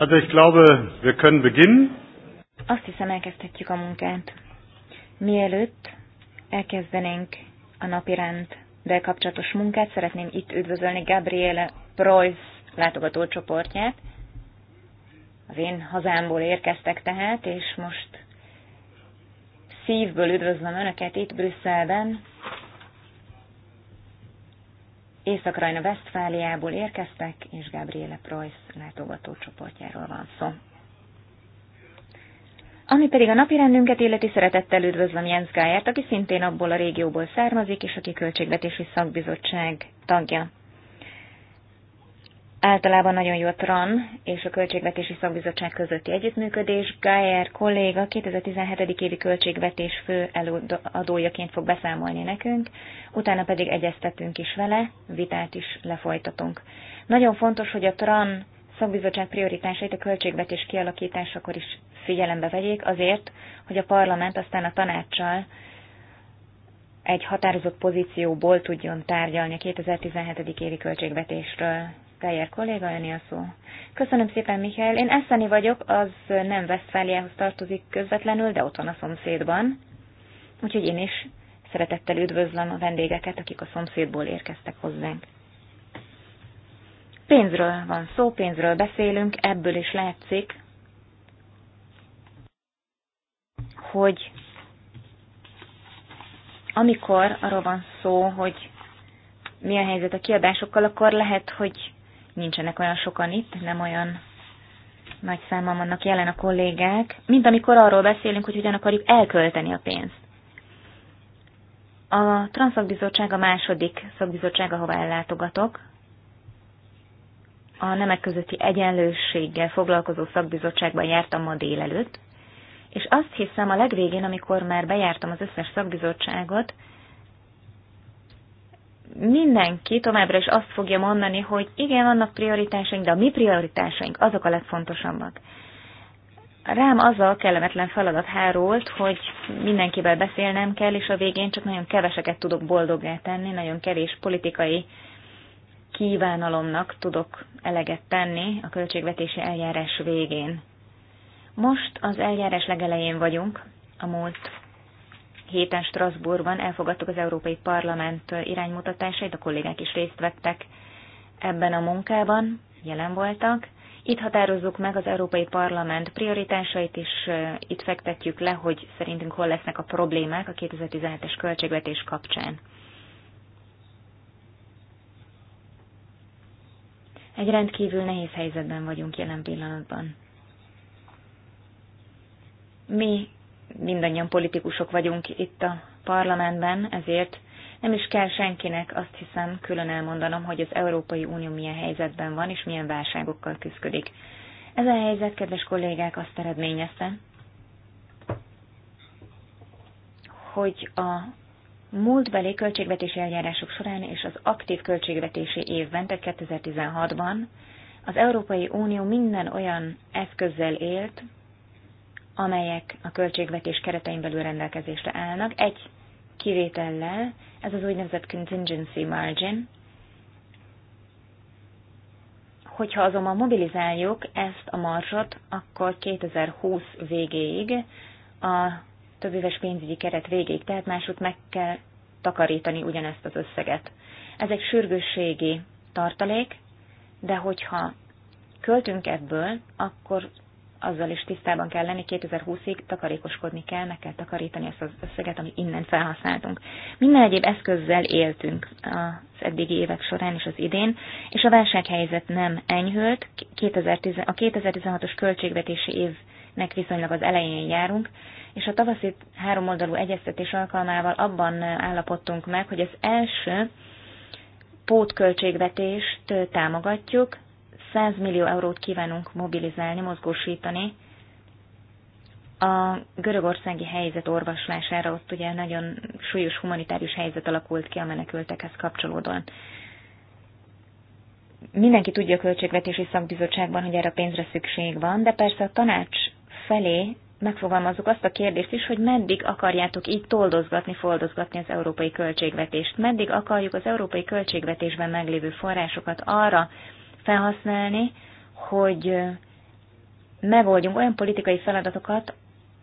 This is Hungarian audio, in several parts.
Also ich glaube, wir können beginnen. Azt hiszem, elkezdhetjük a munkát. Mielőtt elkezdenénk a napi renddel kapcsolatos munkát, szeretném itt üdvözölni Gabriele Preuss látogatócsoportját. Az én hazámból érkeztek tehát, és most szívből üdvözlöm Önöket itt Brüsszelben, Észak-Rajna Westfáliából érkeztek, és Gabriele Preuss csoportjáról van szó. Ami pedig a napi rendünket illeti szeretettel üdvözlöm Jens Gáját, aki szintén abból a régióból származik, és aki költségvetési szakbizottság tagja. Általában nagyon jó a TRAN és a Költségvetési Szakbizottság közötti együttműködés. Gájer kolléga 2017. évi költségvetés fő előadójaként fog beszámolni nekünk, utána pedig egyeztetünk is vele, vitát is lefolytatunk. Nagyon fontos, hogy a TRAN szakbizottság prioritásait a költségvetés kialakításakor is figyelembe vegyék, azért, hogy a parlament aztán a tanácssal egy határozott pozícióból tudjon tárgyalni a 2017. évi költségvetésről. Geyer kolléga, öné a szó. Köszönöm szépen, Mihály. Én Eszeni vagyok, az nem Westfáliához tartozik közvetlenül, de van a szomszédban. Úgyhogy én is szeretettel üdvözlöm a vendégeket, akik a szomszédból érkeztek hozzánk. Pénzről van szó, pénzről beszélünk, ebből is látszik, hogy amikor arról van szó, hogy mi a helyzet a kiadásokkal, akkor lehet, hogy nincsenek olyan sokan itt, nem olyan nagy számban vannak jelen a kollégák, mint amikor arról beszélünk, hogy hogyan akarjuk elkölteni a pénzt. A Transzakbizottság a második szakbizottság, ahová ellátogatok. A nemek közötti egyenlőséggel foglalkozó szakbizottságban jártam ma délelőtt, és azt hiszem a legvégén, amikor már bejártam az összes szakbizottságot, mindenki továbbra is azt fogja mondani, hogy igen, vannak prioritásaink, de a mi prioritásaink azok a legfontosabbak. Rám a kellemetlen feladat hárult, hogy mindenkivel beszélnem kell, és a végén csak nagyon keveseket tudok boldoggá tenni, nagyon kevés politikai kívánalomnak tudok eleget tenni a költségvetési eljárás végén. Most az eljárás legelején vagyunk, a múlt héten Strasbourgban elfogadtuk az Európai Parlament iránymutatásait, a kollégák is részt vettek ebben a munkában, jelen voltak. Itt határozzuk meg az Európai Parlament prioritásait, és itt fektetjük le, hogy szerintünk hol lesznek a problémák a 2017-es költségvetés kapcsán. Egy rendkívül nehéz helyzetben vagyunk jelen pillanatban. Mi mindannyian politikusok vagyunk itt a parlamentben, ezért nem is kell senkinek azt hiszem külön elmondanom, hogy az Európai Unió milyen helyzetben van és milyen válságokkal küzdik. Ez a helyzet, kedves kollégák, azt eredményezte, hogy a múltbeli költségvetési eljárások során és az aktív költségvetési évben, tehát 2016-ban az Európai Unió minden olyan eszközzel élt, amelyek a költségvetés keretein belül rendelkezésre állnak, egy kivétellel, ez az úgynevezett contingency margin. Hogyha azonban mobilizáljuk ezt a marzsot, akkor 2020 végéig, a többéves pénzügyi keret végéig, tehát másút meg kell takarítani ugyanezt az összeget. Ez egy sürgősségi tartalék, de hogyha költünk ebből, akkor azzal is tisztában kell lenni, 2020-ig takarékoskodni kell, meg kell takarítani azt az összeget, amit innen felhasználtunk. Minden egyéb eszközzel éltünk az eddigi évek során és az idén, és a válsághelyzet nem enyhült. A 2016-os költségvetési évnek viszonylag az elején járunk, és a tavaszi háromoldalú egyeztetés alkalmával abban állapodtunk meg, hogy az első pótköltségvetést támogatjuk, 100 millió eurót kívánunk mobilizálni, mozgósítani. A görögországi helyzet orvoslására ott ugye nagyon súlyos humanitárius helyzet alakult ki a menekültekhez kapcsolódóan. Mindenki tudja a Költségvetési Szakbizottságban, hogy erre a pénzre szükség van, de persze a tanács felé megfogalmazzuk azt a kérdést is, hogy meddig akarjátok így toldozgatni, foldozgatni az európai költségvetést. Meddig akarjuk az európai költségvetésben meglévő forrásokat arra felhasználni, hogy megoldjunk olyan politikai feladatokat,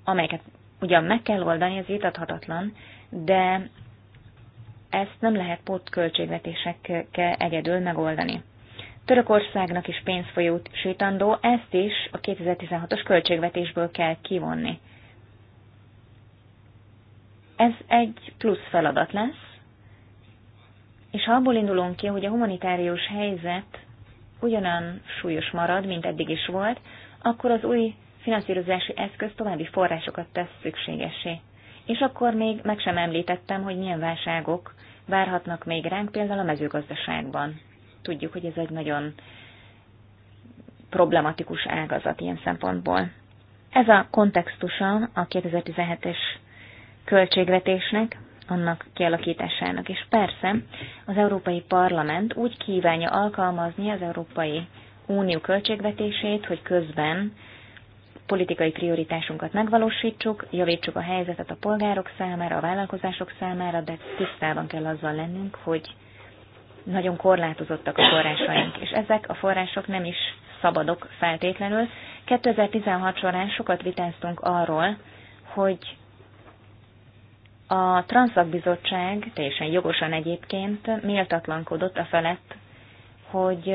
amelyeket ugyan meg kell oldani, ez vitathatatlan, de ezt nem lehet pótköltségvetésekkel egyedül megoldani. Törökországnak is pénz sütandó, ezt is a 2016-os költségvetésből kell kivonni. Ez egy plusz feladat lesz, és ha abból indulunk ki, hogy a humanitárius helyzet ugyanan súlyos marad, mint eddig is volt, akkor az új finanszírozási eszköz további forrásokat tesz szükségesé. És akkor még meg sem említettem, hogy milyen válságok várhatnak még ránk, például a mezőgazdaságban. Tudjuk, hogy ez egy nagyon problematikus ágazat ilyen szempontból. Ez a kontextusa a 2017-es költségvetésnek, annak kialakításának. És persze az Európai Parlament úgy kívánja alkalmazni az Európai Unió költségvetését, hogy közben politikai prioritásunkat megvalósítsuk, javítsuk a helyzetet a polgárok számára, a vállalkozások számára, de tisztában kell azzal lennünk, hogy nagyon korlátozottak a forrásaink, és ezek a források nem is szabadok feltétlenül. 2016 során sokat vitáztunk arról, hogy a Transzakbizottság teljesen jogosan egyébként méltatlankodott a felett, hogy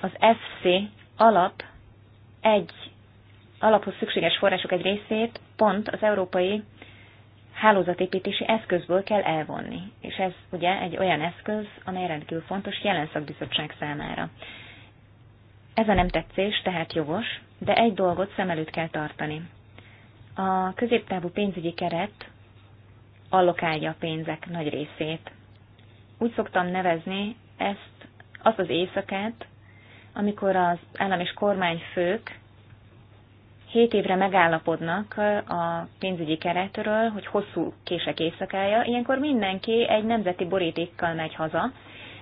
az FC alap egy alaphoz szükséges források egy részét pont az európai hálózatépítési eszközből kell elvonni. És ez ugye egy olyan eszköz, amely rendkívül fontos jelen szakbizottság számára. Ez a nem tetszés tehát jogos, de egy dolgot szem előtt kell tartani. A középtávú pénzügyi keret allokálja a pénzek nagy részét. Úgy szoktam nevezni ezt, azt az éjszakát, amikor az állam és kormányfők hét évre megállapodnak a pénzügyi keretről, hogy hosszú kések éjszakája, ilyenkor mindenki egy nemzeti borítékkal megy haza,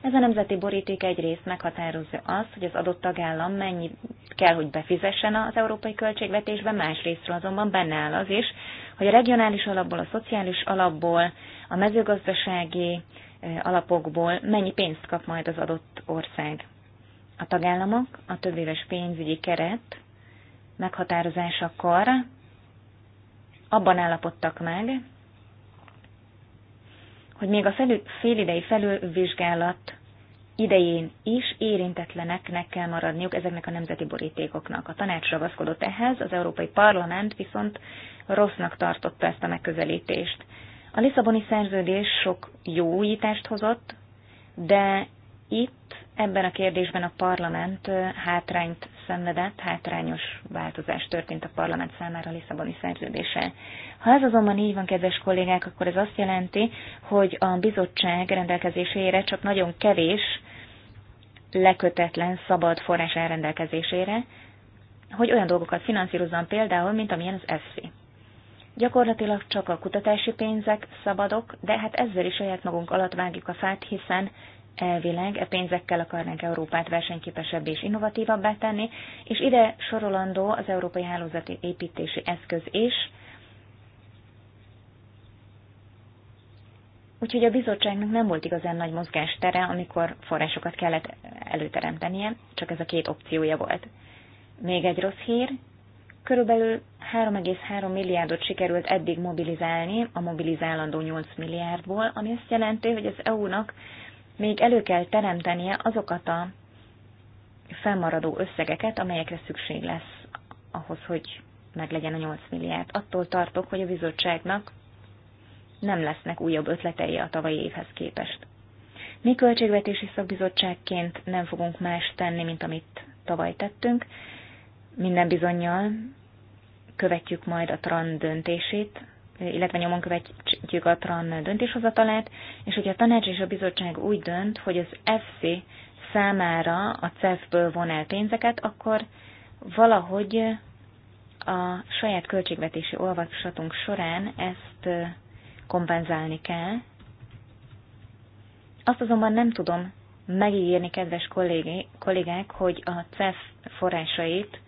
ez a nemzeti boríték egyrészt meghatározza azt, hogy az adott tagállam mennyi kell, hogy befizessen az európai költségvetésbe, másrésztről azonban benne áll az is, hogy a regionális alapból, a szociális alapból, a mezőgazdasági alapokból mennyi pénzt kap majd az adott ország. A tagállamok a többéves pénzügyi keret meghatározásakor abban állapodtak meg, hogy még a felül, félidei felülvizsgálat idején is érintetleneknek kell maradniuk ezeknek a nemzeti borítékoknak. A tanács ragaszkodott ehhez, az Európai Parlament viszont rossznak tartotta ezt a megközelítést. A Lisszaboni szerződés sok jó újítást hozott, de itt ebben a kérdésben a parlament hátrányt szenvedett, hátrányos változás történt a parlament számára a Lisszaboni szerződése. Ha ez azonban így van, kedves kollégák, akkor ez azt jelenti, hogy a bizottság rendelkezésére csak nagyon kevés lekötetlen szabad forrás elrendelkezésére, hogy olyan dolgokat finanszírozzon például, mint amilyen az ESZI. Gyakorlatilag csak a kutatási pénzek szabadok, de hát ezzel is saját magunk alatt vágjuk a fát, hiszen elvileg e pénzekkel akarnánk Európát versenyképesebb és innovatívabbá tenni, és ide sorolandó az Európai Hálózati Építési Eszköz is. Úgyhogy a bizottságnak nem volt igazán nagy mozgástere, amikor forrásokat kellett előteremtenie, csak ez a két opciója volt. Még egy rossz hír, körülbelül 3,3 milliárdot sikerült eddig mobilizálni a mobilizálandó 8 milliárdból, ami azt jelenti, hogy az EU-nak még elő kell teremtenie azokat a felmaradó összegeket, amelyekre szükség lesz ahhoz, hogy meglegyen a 8 milliárd. Attól tartok, hogy a bizottságnak nem lesznek újabb ötletei a tavalyi évhez képest. Mi költségvetési szakbizottságként nem fogunk más tenni, mint amit tavaly tettünk. Minden bizonyal követjük majd a TRAN döntését, illetve nyomon követjük a TRAN döntéshozatalát, és hogyha a tanács és a bizottság úgy dönt, hogy az FC számára a CEF-ből von el pénzeket, akkor valahogy a saját költségvetési olvasatunk során ezt kompenzálni kell. Azt azonban nem tudom megígérni, kedves kollégi, kollégák, hogy a CEF forrásait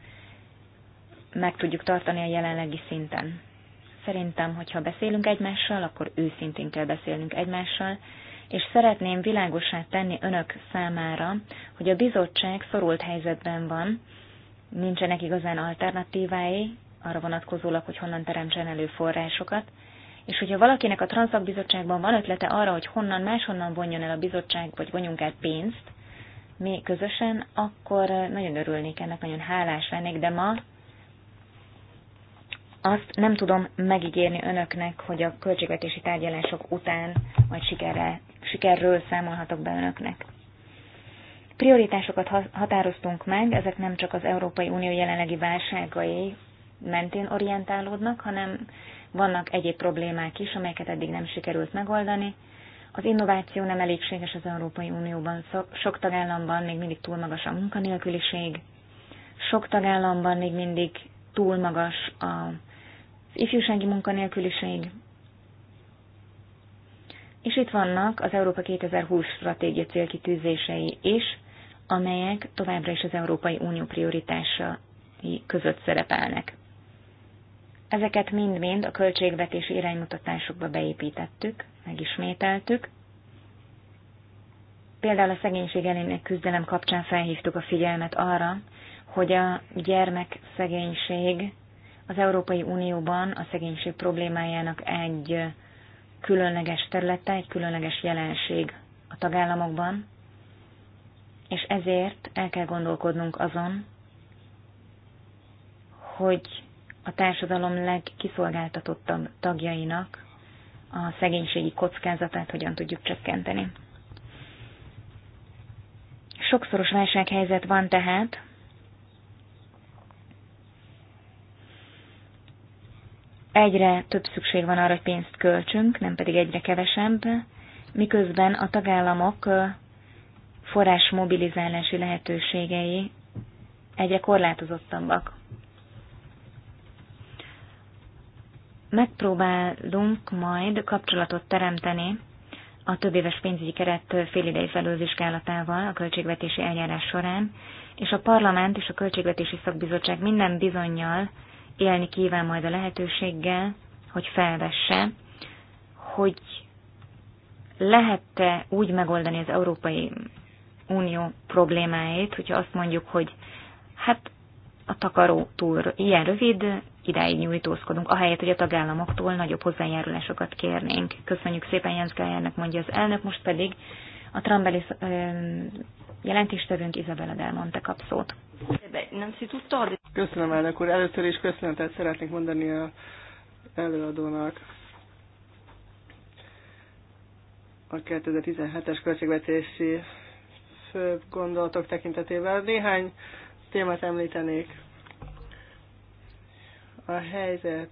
meg tudjuk tartani a jelenlegi szinten. Szerintem, hogyha beszélünk egymással, akkor őszintén kell beszélnünk egymással, és szeretném világosá tenni önök számára, hogy a bizottság szorult helyzetben van, nincsenek igazán alternatívái, arra vonatkozólag, hogy honnan teremtsen elő forrásokat, és hogyha valakinek a Transzakbizottságban van ötlete arra, hogy honnan máshonnan vonjon el a bizottság, vagy vonjunk el pénzt, mi közösen, akkor nagyon örülnék ennek, nagyon hálás lennék, de ma azt nem tudom megígérni önöknek, hogy a költségvetési tárgyalások után majd sikerre sikerről számolhatok be önöknek. Prioritásokat határoztunk meg, ezek nem csak az Európai Unió jelenlegi válságai mentén orientálódnak, hanem vannak egyéb problémák is, amelyeket eddig nem sikerült megoldani. Az innováció nem elégséges az Európai Unióban, sok tagállamban még mindig túl magas a munkanélküliség, sok tagállamban még mindig túl magas a ifjúsági munkanélküliség. És itt vannak az Európa 2020 stratégia célkitűzései is, amelyek továbbra is az Európai Unió prioritásai között szerepelnek. Ezeket mind-mind a költségvetési iránymutatásokba beépítettük, megismételtük. Például a szegénység elének küzdelem kapcsán felhívtuk a figyelmet arra, hogy a gyermek szegénység az Európai Unióban a szegénység problémájának egy különleges területe, egy különleges jelenség a tagállamokban, és ezért el kell gondolkodnunk azon, hogy a társadalom legkiszolgáltatottabb tagjainak a szegénységi kockázatát hogyan tudjuk csökkenteni. Sokszoros válsághelyzet van tehát, Egyre több szükség van arra, hogy pénzt költsünk, nem pedig egyre kevesebb, miközben a tagállamok forrás mobilizálási lehetőségei egyre korlátozottabbak. Megpróbálunk majd kapcsolatot teremteni a több éves pénzügyi keret félidei felülvizsgálatával a költségvetési eljárás során, és a parlament és a költségvetési szakbizottság minden bizonyjal élni kíván majd a lehetőséggel, hogy felvesse, hogy lehet-e úgy megoldani az Európai Unió problémáit, hogyha azt mondjuk, hogy hát a takaró túl ilyen rövid, idáig nyújtózkodunk, ahelyett, hogy a tagállamoktól nagyobb hozzájárulásokat kérnénk. Köszönjük szépen Jens Gájernek, mondja az elnök, most pedig a Trambeli jelentéstevőnk Izabella Del Monte kap szót. Köszönöm, elnök úr. Először is köszönetet szeretnék mondani a előadónak. A 2017-es költségvetési fő gondolatok tekintetében néhány témát említenék. A helyzet,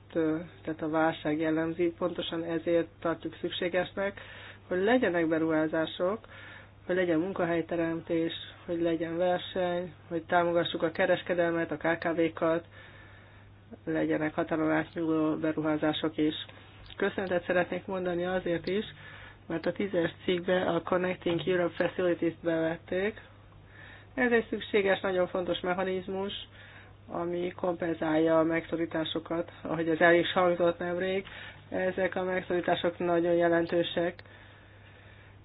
tehát a válság jellemzi, pontosan ezért tartjuk szükségesnek, hogy legyenek beruházások, hogy legyen munkahelyteremtés, hogy legyen verseny, hogy támogassuk a kereskedelmet, a KKV-kat, legyenek határon átnyúló beruházások is. Köszönetet szeretnék mondani azért is, mert a tízes cikkbe a Connecting Europe Facilities-t bevették. Ez egy szükséges, nagyon fontos mechanizmus, ami kompenzálja a megszorításokat, ahogy az el is hangzott nemrég. Ezek a megszorítások nagyon jelentősek,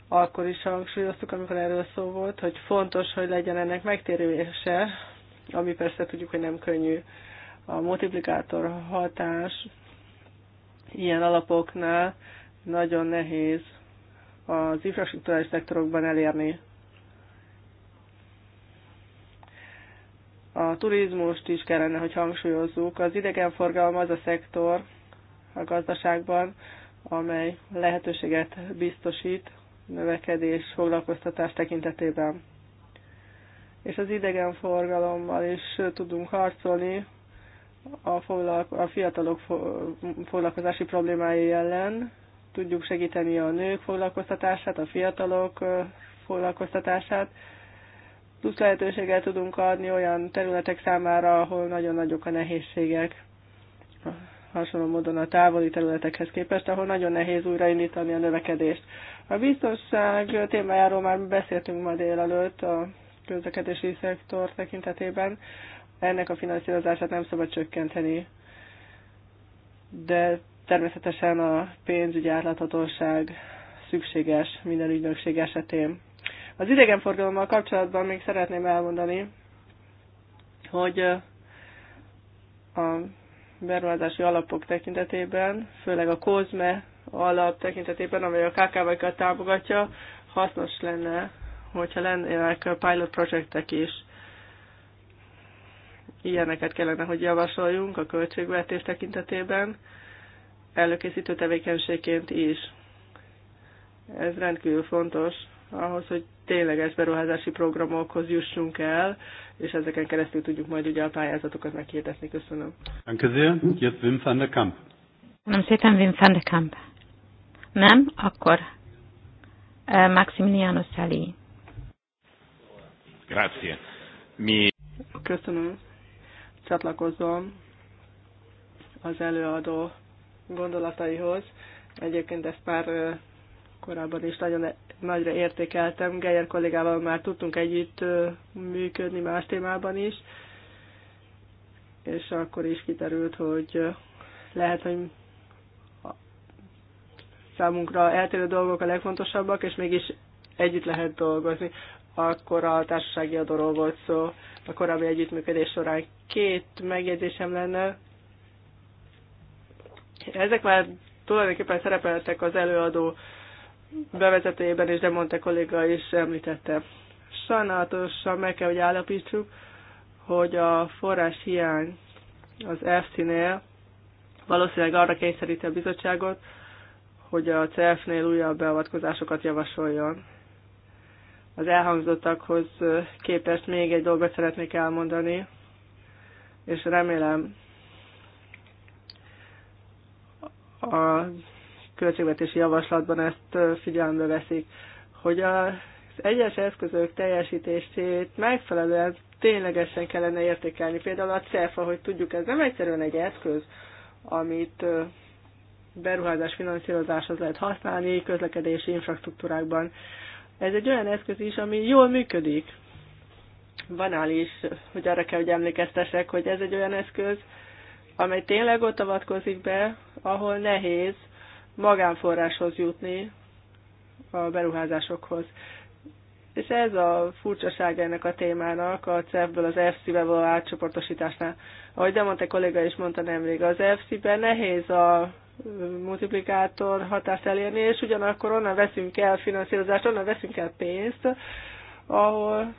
akkor is hangsúlyoztuk, amikor erről szó volt, hogy fontos, hogy legyen ennek megtérülése, ami persze tudjuk, hogy nem könnyű. A multiplikátor hatás ilyen alapoknál nagyon nehéz az infrastruktúrális szektorokban elérni. A turizmust is kellene, hogy hangsúlyozzuk. Az idegenforgalom az a szektor a gazdaságban, amely lehetőséget biztosít növekedés, foglalkoztatás tekintetében. És az idegenforgalommal is tudunk harcolni a, foglalko- a fiatalok foglalkozási problémái ellen. Tudjuk segíteni a nők foglalkoztatását, a fiatalok foglalkoztatását, plusz lehetőséget tudunk adni olyan területek számára, ahol nagyon nagyok a nehézségek hasonló módon a távoli területekhez képest, ahol nagyon nehéz újraindítani a növekedést. A biztonság témájáról már beszéltünk ma délelőtt a közlekedési szektor tekintetében. Ennek a finanszírozását nem szabad csökkenteni, de természetesen a pénzügyi átláthatóság szükséges minden ügynökség esetén. Az idegenforgalommal kapcsolatban még szeretném elmondani, hogy a beruházási alapok tekintetében, főleg a COSME alap tekintetében, amely a KKV-kat támogatja, hasznos lenne, hogyha lennének pilot projektek is. Ilyeneket kellene, hogy javasoljunk a költségvetés tekintetében, előkészítő tevékenységként is. Ez rendkívül fontos ahhoz, hogy tényleges beruházási programokhoz jussunk el, és ezeken keresztül tudjuk majd ugye a pályázatokat meghirdetni. Köszönöm. Nem szépen Wim van de Kamp. Nem? Akkor eh, Maximiliano Sali. Grazie. Mi... Köszönöm. Csatlakozom az előadó gondolataihoz. Egyébként ezt már eh, korábban is nagyon nagyra értékeltem. Geyer kollégával már tudtunk együtt működni más témában is, és akkor is kiterült, hogy lehet, hogy számunkra eltérő dolgok a legfontosabbak, és mégis együtt lehet dolgozni. Akkor a társasági adóról volt szó a korábbi együttműködés során. Két megjegyzésem lenne. Ezek már tulajdonképpen szerepeltek az előadó bevezetőjében, és de Monte kolléga is említette. Sajnálatosan meg kell, hogy állapítsuk, hogy a forrás hiány az EFSZ-nél valószínűleg arra kényszeríti a bizottságot, hogy a CF-nél újabb beavatkozásokat javasoljon. Az elhangzottakhoz képest még egy dolgot szeretnék elmondani, és remélem a költségvetési javaslatban ezt figyelembe veszik, hogy az egyes eszközök teljesítését megfelelően ténylegesen kellene értékelni. Például a CEF, hogy tudjuk, ez nem egyszerűen egy eszköz, amit beruházás finanszírozáshoz lehet használni, közlekedési infrastruktúrákban. Ez egy olyan eszköz is, ami jól működik. Banális, hogy arra kell, hogy emlékeztesek, hogy ez egy olyan eszköz, amely tényleg ott avatkozik be, ahol nehéz magánforráshoz jutni, a beruházásokhoz. És ez a furcsaság ennek a témának a CEF-ből az FC-be való átcsoportosításnál. Ahogy Demonte kolléga is mondta nemrég, az FC-ben nehéz a multiplikátor hatást elérni, és ugyanakkor onnan veszünk el finanszírozást, onnan veszünk el pénzt, ahol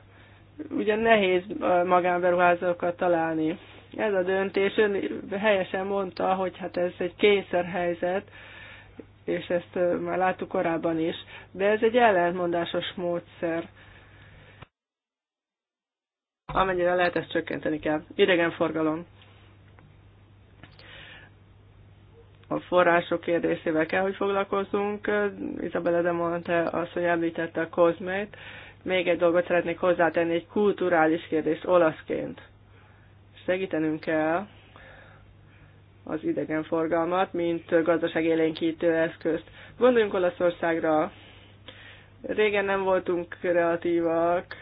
ugye nehéz magánberuházókat találni. Ez a döntés, ön helyesen mondta, hogy hát ez egy kényszerhelyzet, és ezt már láttuk korábban is, de ez egy ellentmondásos módszer. Amennyire lehet, ezt csökkenteni kell. Idegenforgalom. A források kérdésével kell, hogy foglalkozzunk. Isabella de Monte azt, hogy említette a kozmét. Még egy dolgot szeretnék hozzátenni, egy kulturális kérdést olaszként. Segítenünk kell, az idegenforgalmat, mint gazdaságélénkítő eszközt. Gondoljunk Olaszországra, régen nem voltunk kreatívak,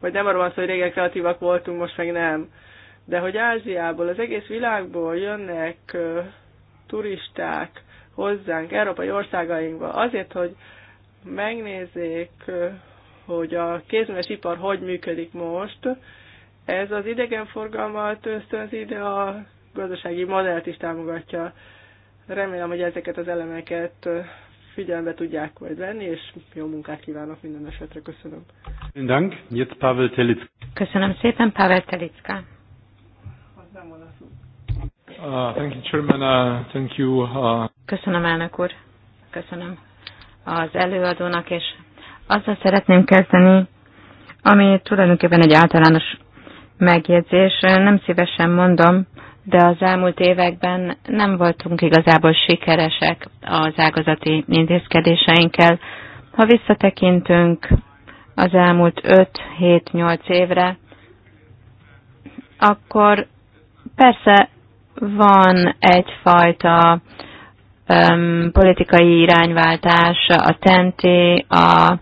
vagy nem arról van szó, hogy régen kreatívak voltunk, most meg nem. De hogy Ázsiából, az egész világból jönnek turisták hozzánk, európai országainkba, azért, hogy megnézzék, hogy a kézműves ipar hogy működik most, ez az idegenforgalmat ösztönzi, de a gazdasági modellt is támogatja. Remélem, hogy ezeket az elemeket figyelembe tudják majd venni, és jó munkát kívánok minden esetre. Köszönöm. Köszönöm szépen, Pavel Telicka. Uh, thank you, Chairman. Uh, thank you. Uh, Köszönöm, elnök úr. Köszönöm az előadónak, és azzal szeretném kezdeni, ami tulajdonképpen egy általános megjegyzés. Nem szívesen mondom, de az elmúlt években nem voltunk igazából sikeresek az ágazati intézkedéseinkkel. Ha visszatekintünk az elmúlt 5-7-8 évre, akkor persze van egyfajta um, politikai irányváltás, a TENTI, a,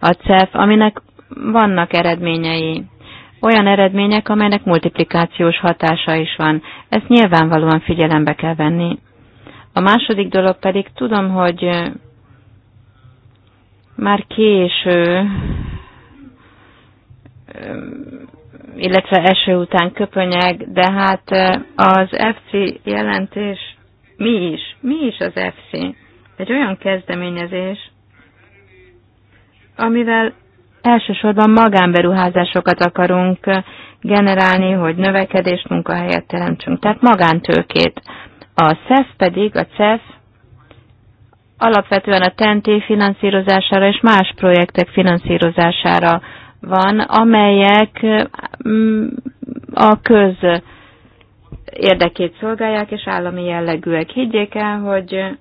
a CEF, aminek vannak eredményei olyan eredmények, amelynek multiplikációs hatása is van. Ezt nyilvánvalóan figyelembe kell venni. A második dolog pedig tudom, hogy már késő, illetve eső után köpönyeg, de hát az FC jelentés mi is? Mi is az FC? Egy olyan kezdeményezés, amivel elsősorban magánberuházásokat akarunk generálni, hogy növekedést, munkahelyet teremtsünk, tehát magántőkét. A CEF pedig, a CEF alapvetően a TNT finanszírozására és más projektek finanszírozására van, amelyek mm, a köz érdekét szolgálják, és állami jellegűek. Higgyék el, hogy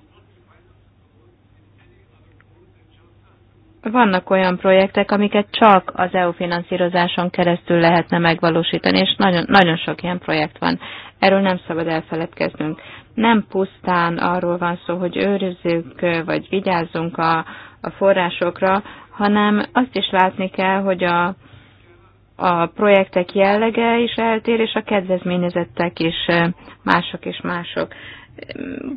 vannak olyan projektek, amiket csak az EU finanszírozáson keresztül lehetne megvalósítani, és nagyon, nagyon sok ilyen projekt van. Erről nem szabad elfeledkeznünk. Nem pusztán arról van szó, hogy őrizzük vagy vigyázzunk a, a forrásokra, hanem azt is látni kell, hogy a, a projektek jellege is eltér, és a kedvezményezettek is e, mások és mások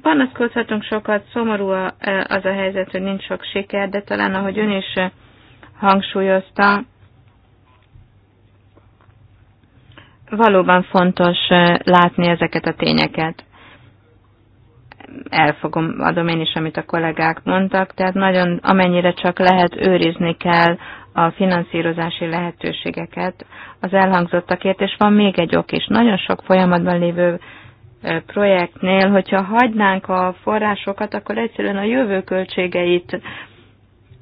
panaszkodhatunk sokat, szomorú e, az a helyzet, hogy nincs sok siker, de talán ahogy ön is e, hangsúlyozta, valóban fontos e, látni ezeket a tényeket. Elfogom, adom én is, amit a kollégák mondtak, tehát nagyon amennyire csak lehet őrizni kell a finanszírozási lehetőségeket az elhangzottakért, és van még egy ok is. Nagyon sok folyamatban lévő projektnél, hogyha hagynánk a forrásokat, akkor egyszerűen a jövő költségeit,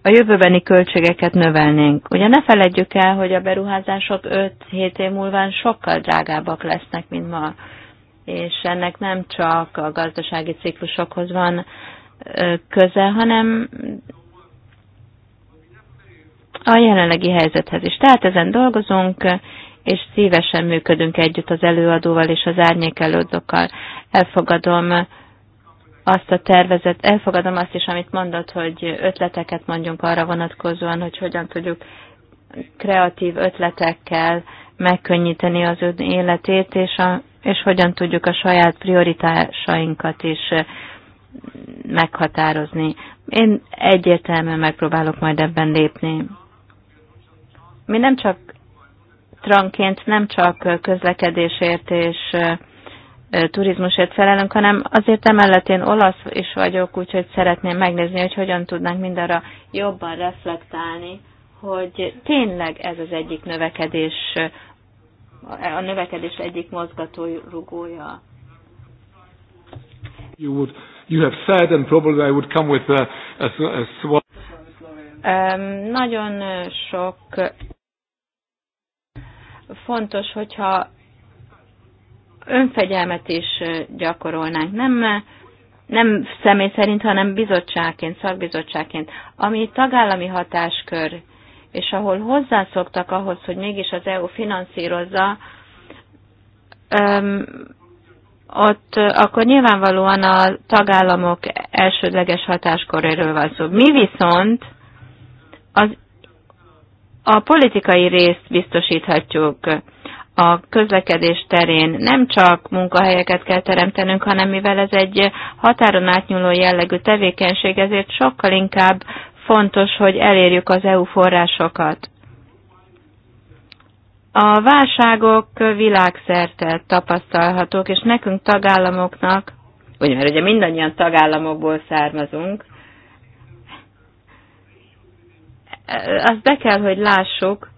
a jövőbeni költségeket növelnénk. Ugye ne feledjük el, hogy a beruházások 5-7 év múlván sokkal drágábbak lesznek, mint ma. És ennek nem csak a gazdasági ciklusokhoz van köze, hanem a jelenlegi helyzethez is. Tehát ezen dolgozunk, és szívesen működünk együtt az előadóval és az árnyék előadókkal. Elfogadom azt a tervezet, elfogadom azt is, amit mondott, hogy ötleteket mondjunk arra vonatkozóan, hogy hogyan tudjuk kreatív ötletekkel megkönnyíteni az ön életét, és, a, és hogyan tudjuk a saját prioritásainkat is meghatározni. Én egyértelműen megpróbálok majd ebben lépni. Mi nem csak tranként nem csak közlekedésért és turizmusért felelünk, hanem azért emellett én olasz is vagyok, úgyhogy szeretném megnézni, hogy hogyan tudnánk mindenra jobban reflektálni, hogy tényleg ez az egyik növekedés, a növekedés egyik mozgatórugója. You would, you have said, and probably I would come with a, a, a... Um, nagyon sok fontos, hogyha önfegyelmet is gyakorolnánk. Nem, nem személy szerint, hanem bizottságként, szakbizottságként, ami tagállami hatáskör, és ahol hozzászoktak ahhoz, hogy mégis az EU finanszírozza, ott akkor nyilvánvalóan a tagállamok elsődleges hatásköréről van szó. Mi viszont az a politikai részt biztosíthatjuk a közlekedés terén. Nem csak munkahelyeket kell teremtenünk, hanem mivel ez egy határon átnyúló jellegű tevékenység, ezért sokkal inkább fontos, hogy elérjük az EU forrásokat. A válságok világszerte tapasztalhatók, és nekünk tagállamoknak, ugye mert ugye mindannyian tagállamokból származunk, azt be kell, hogy lássuk,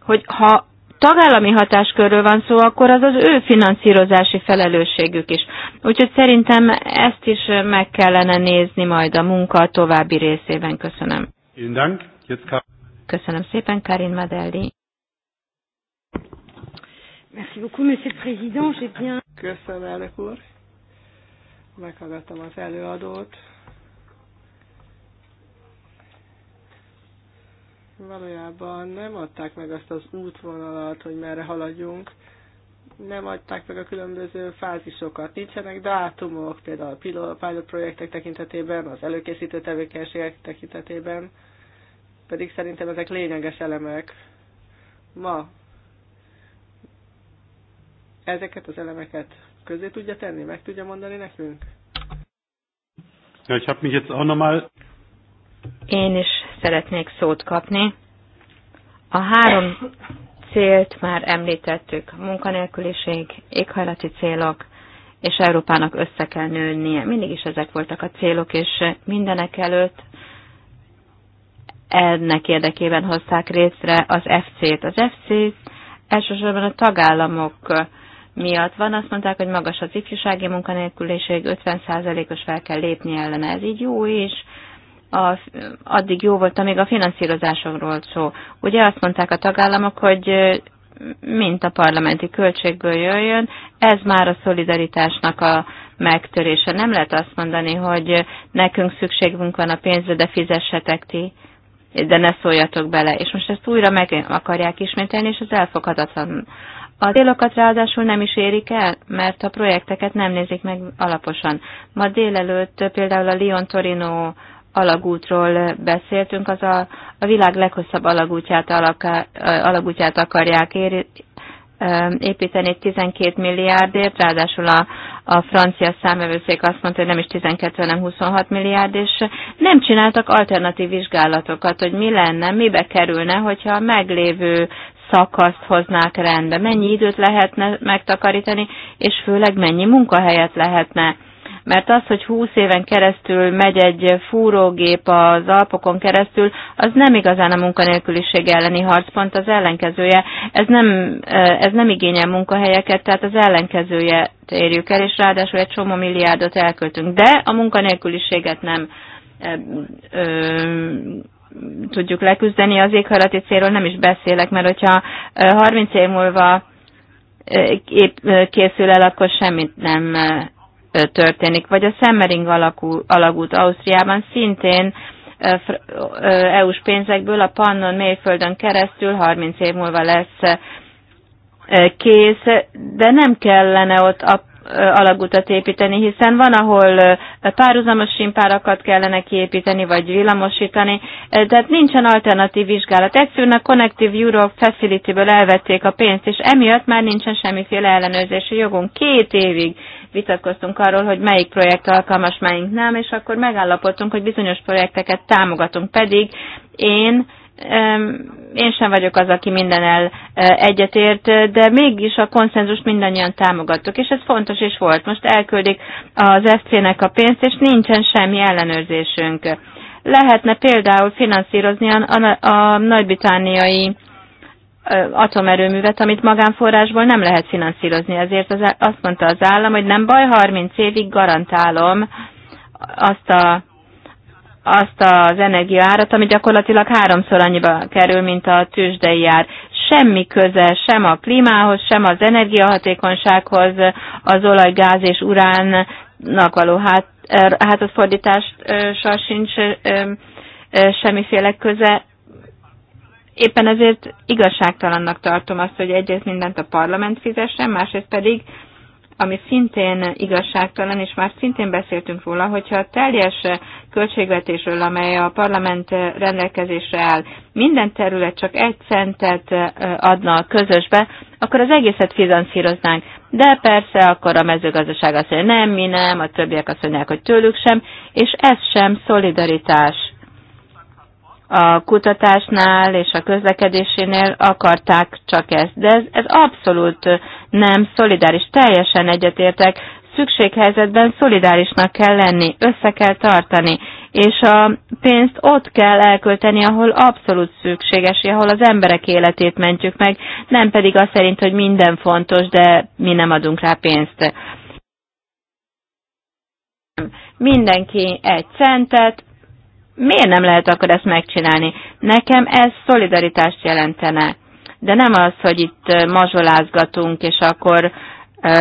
hogy ha tagállami hatáskörről van szó, akkor az az ő finanszírozási felelősségük is. Úgyhogy szerintem ezt is meg kellene nézni majd a munka további részében. Köszönöm. Köszönöm szépen, Karin Madelli. Merci beaucoup, Monsieur le Président. J'ai bien... Köszönöm, elnök úr. Meghallgattam az előadót valójában nem adták meg azt az útvonalat, hogy merre haladjunk, nem adták meg a különböző fázisokat, nincsenek dátumok, például a pilot projektek tekintetében, az előkészítő tevékenységek tekintetében, pedig szerintem ezek lényeges elemek. Ma ezeket az elemeket közé tudja tenni, meg tudja mondani nekünk? Ja, ich habe mich jetzt auch nochmal én is szeretnék szót kapni. A három célt már említettük, munkanélküliség, éghajlati célok, és Európának össze kell nőnie. Mindig is ezek voltak a célok, és mindenek előtt ennek érdekében hozták részre az FC-t. Az FC elsősorban a tagállamok miatt van. Azt mondták, hogy magas az ifjúsági munkanélküliség, 50%-os fel kell lépni ellene. Ez így jó is, a, addig jó volt, amíg a finanszírozásokról volt szó. Ugye azt mondták a tagállamok, hogy mint a parlamenti költségből jöjjön, ez már a szolidaritásnak a megtörése. Nem lehet azt mondani, hogy nekünk szükségünk van a pénzre, de fizessetek ti, de ne szóljatok bele. És most ezt újra meg akarják ismételni, és ez elfogadatlan. A célokat ráadásul nem is érik el, mert a projekteket nem nézik meg alaposan. Ma délelőtt például a Lyon-Torino alagútról beszéltünk, az a, a világ leghosszabb alagútját, alaká, alagútját akarják ér, építeni 12 milliárdért, ráadásul a, a francia számövőszék azt mondta, hogy nem is 12, hanem 26 milliárd, és nem csináltak alternatív vizsgálatokat, hogy mi lenne, mibe kerülne, hogyha a meglévő szakaszt hoznák rendbe, mennyi időt lehetne megtakarítani, és főleg mennyi munkahelyet lehetne mert az, hogy 20 éven keresztül megy egy fúrógép az Alpokon keresztül, az nem igazán a munkanélküliség elleni harc, pont az ellenkezője. Ez nem, ez nem igényel munkahelyeket, tehát az ellenkezője érjük el, és ráadásul egy csomó milliárdot elköltünk. De a munkanélküliséget nem tudjuk leküzdeni. Az éghajlati célról nem is beszélek, mert hogyha 30 év múlva készül el, akkor semmit nem történik, vagy a Semmering alagút Ausztriában szintén EU-s pénzekből a Pannon mélyföldön keresztül 30 év múlva lesz kész, de nem kellene ott a alagutat építeni, hiszen van, ahol párhuzamos simpárakat kellene kiépíteni, vagy villamosítani, tehát nincsen alternatív vizsgálat. Egyszerűen a Connective Europe Facility-ből elvették a pénzt, és emiatt már nincsen semmiféle ellenőrzési jogunk. Két évig vitatkoztunk arról, hogy melyik projekt alkalmas, melyik nem, és akkor megállapodtunk, hogy bizonyos projekteket támogatunk, pedig én én sem vagyok az, aki el eh, egyetért, de mégis a konszenzust mindannyian támogattuk, és ez fontos is volt. Most elküldik az FC-nek a pénzt, és nincsen semmi ellenőrzésünk. Lehetne például finanszírozni a, a nagybritániai eh, atomerőművet, amit magánforrásból nem lehet finanszírozni. Ezért az, azt mondta az állam, hogy nem baj, 30 évig garantálom azt a azt az energiaárat, ami gyakorlatilag háromszor annyiba kerül, mint a tőzsdei ár. Semmi köze sem a klímához, sem az energiahatékonysághoz, az olaj, gáz és uránnak való hát, er, hátadfordítással sincs semmiféle köze. Éppen ezért igazságtalannak tartom azt, hogy egyrészt mindent a parlament fizessen, másrészt pedig ami szintén igazságtalan, és már szintén beszéltünk róla, hogyha a teljes költségvetésről, amely a parlament rendelkezésre áll, minden terület csak egy centet adna a közösbe, akkor az egészet finanszíroznánk. De persze, akkor a mezőgazdaság azt mondja, nem, mi nem, a többiek azt mondják, hogy tőlük sem, és ez sem szolidaritás a kutatásnál és a közlekedésénél akarták csak ezt. De ez, ez abszolút nem szolidáris. Teljesen egyetértek. Szükséghelyzetben szolidárisnak kell lenni, össze kell tartani, és a pénzt ott kell elkölteni, ahol abszolút szükséges, ahol az emberek életét mentjük meg, nem pedig az szerint, hogy minden fontos, de mi nem adunk rá pénzt. Mindenki egy centet, miért nem lehet akkor ezt megcsinálni? Nekem ez szolidaritást jelentene de nem az, hogy itt mazsolázgatunk, és akkor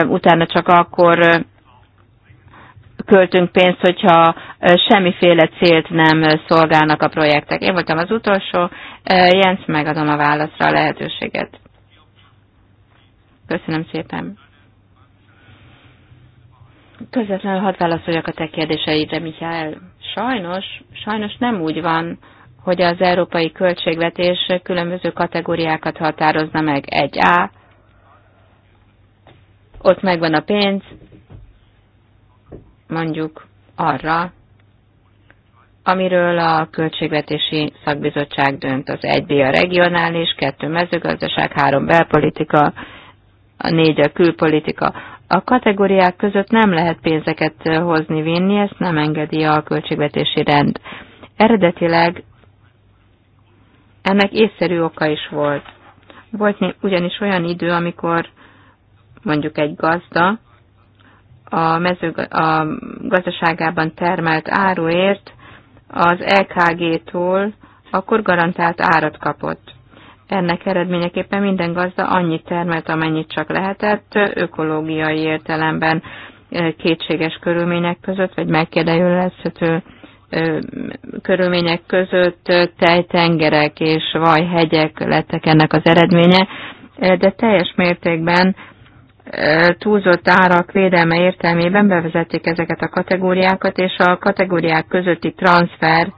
utána csak akkor költünk pénzt, hogyha semmiféle célt nem szolgálnak a projektek. Én voltam az utolsó, Jens, megadom a válaszra a lehetőséget. Köszönöm szépen. Közvetlenül hadd válaszoljak a te kérdéseidre, Mihály. Sajnos, sajnos nem úgy van, hogy az európai költségvetés különböző kategóriákat határozna meg. 1A, ott megvan a pénz, mondjuk arra, amiről a Költségvetési Szakbizottság dönt. Az 1B a regionális, 2 mezőgazdaság, 3 belpolitika, a 4 a külpolitika. A kategóriák között nem lehet pénzeket hozni-vinni, ezt nem engedi a költségvetési rend. Eredetileg ennek észszerű oka is volt. Volt ugyanis olyan idő, amikor mondjuk egy gazda a, mező a gazdaságában termelt áruért az LKG-tól akkor garantált árat kapott. Ennek eredményeképpen minden gazda annyit termelt, amennyit csak lehetett, ökológiai értelemben eh, kétséges körülmények között, vagy megkérdőjelezhető körülmények között tejtengerek és vajhegyek lettek ennek az eredménye, de teljes mértékben túlzott árak védelme értelmében bevezették ezeket a kategóriákat, és a kategóriák közötti transfer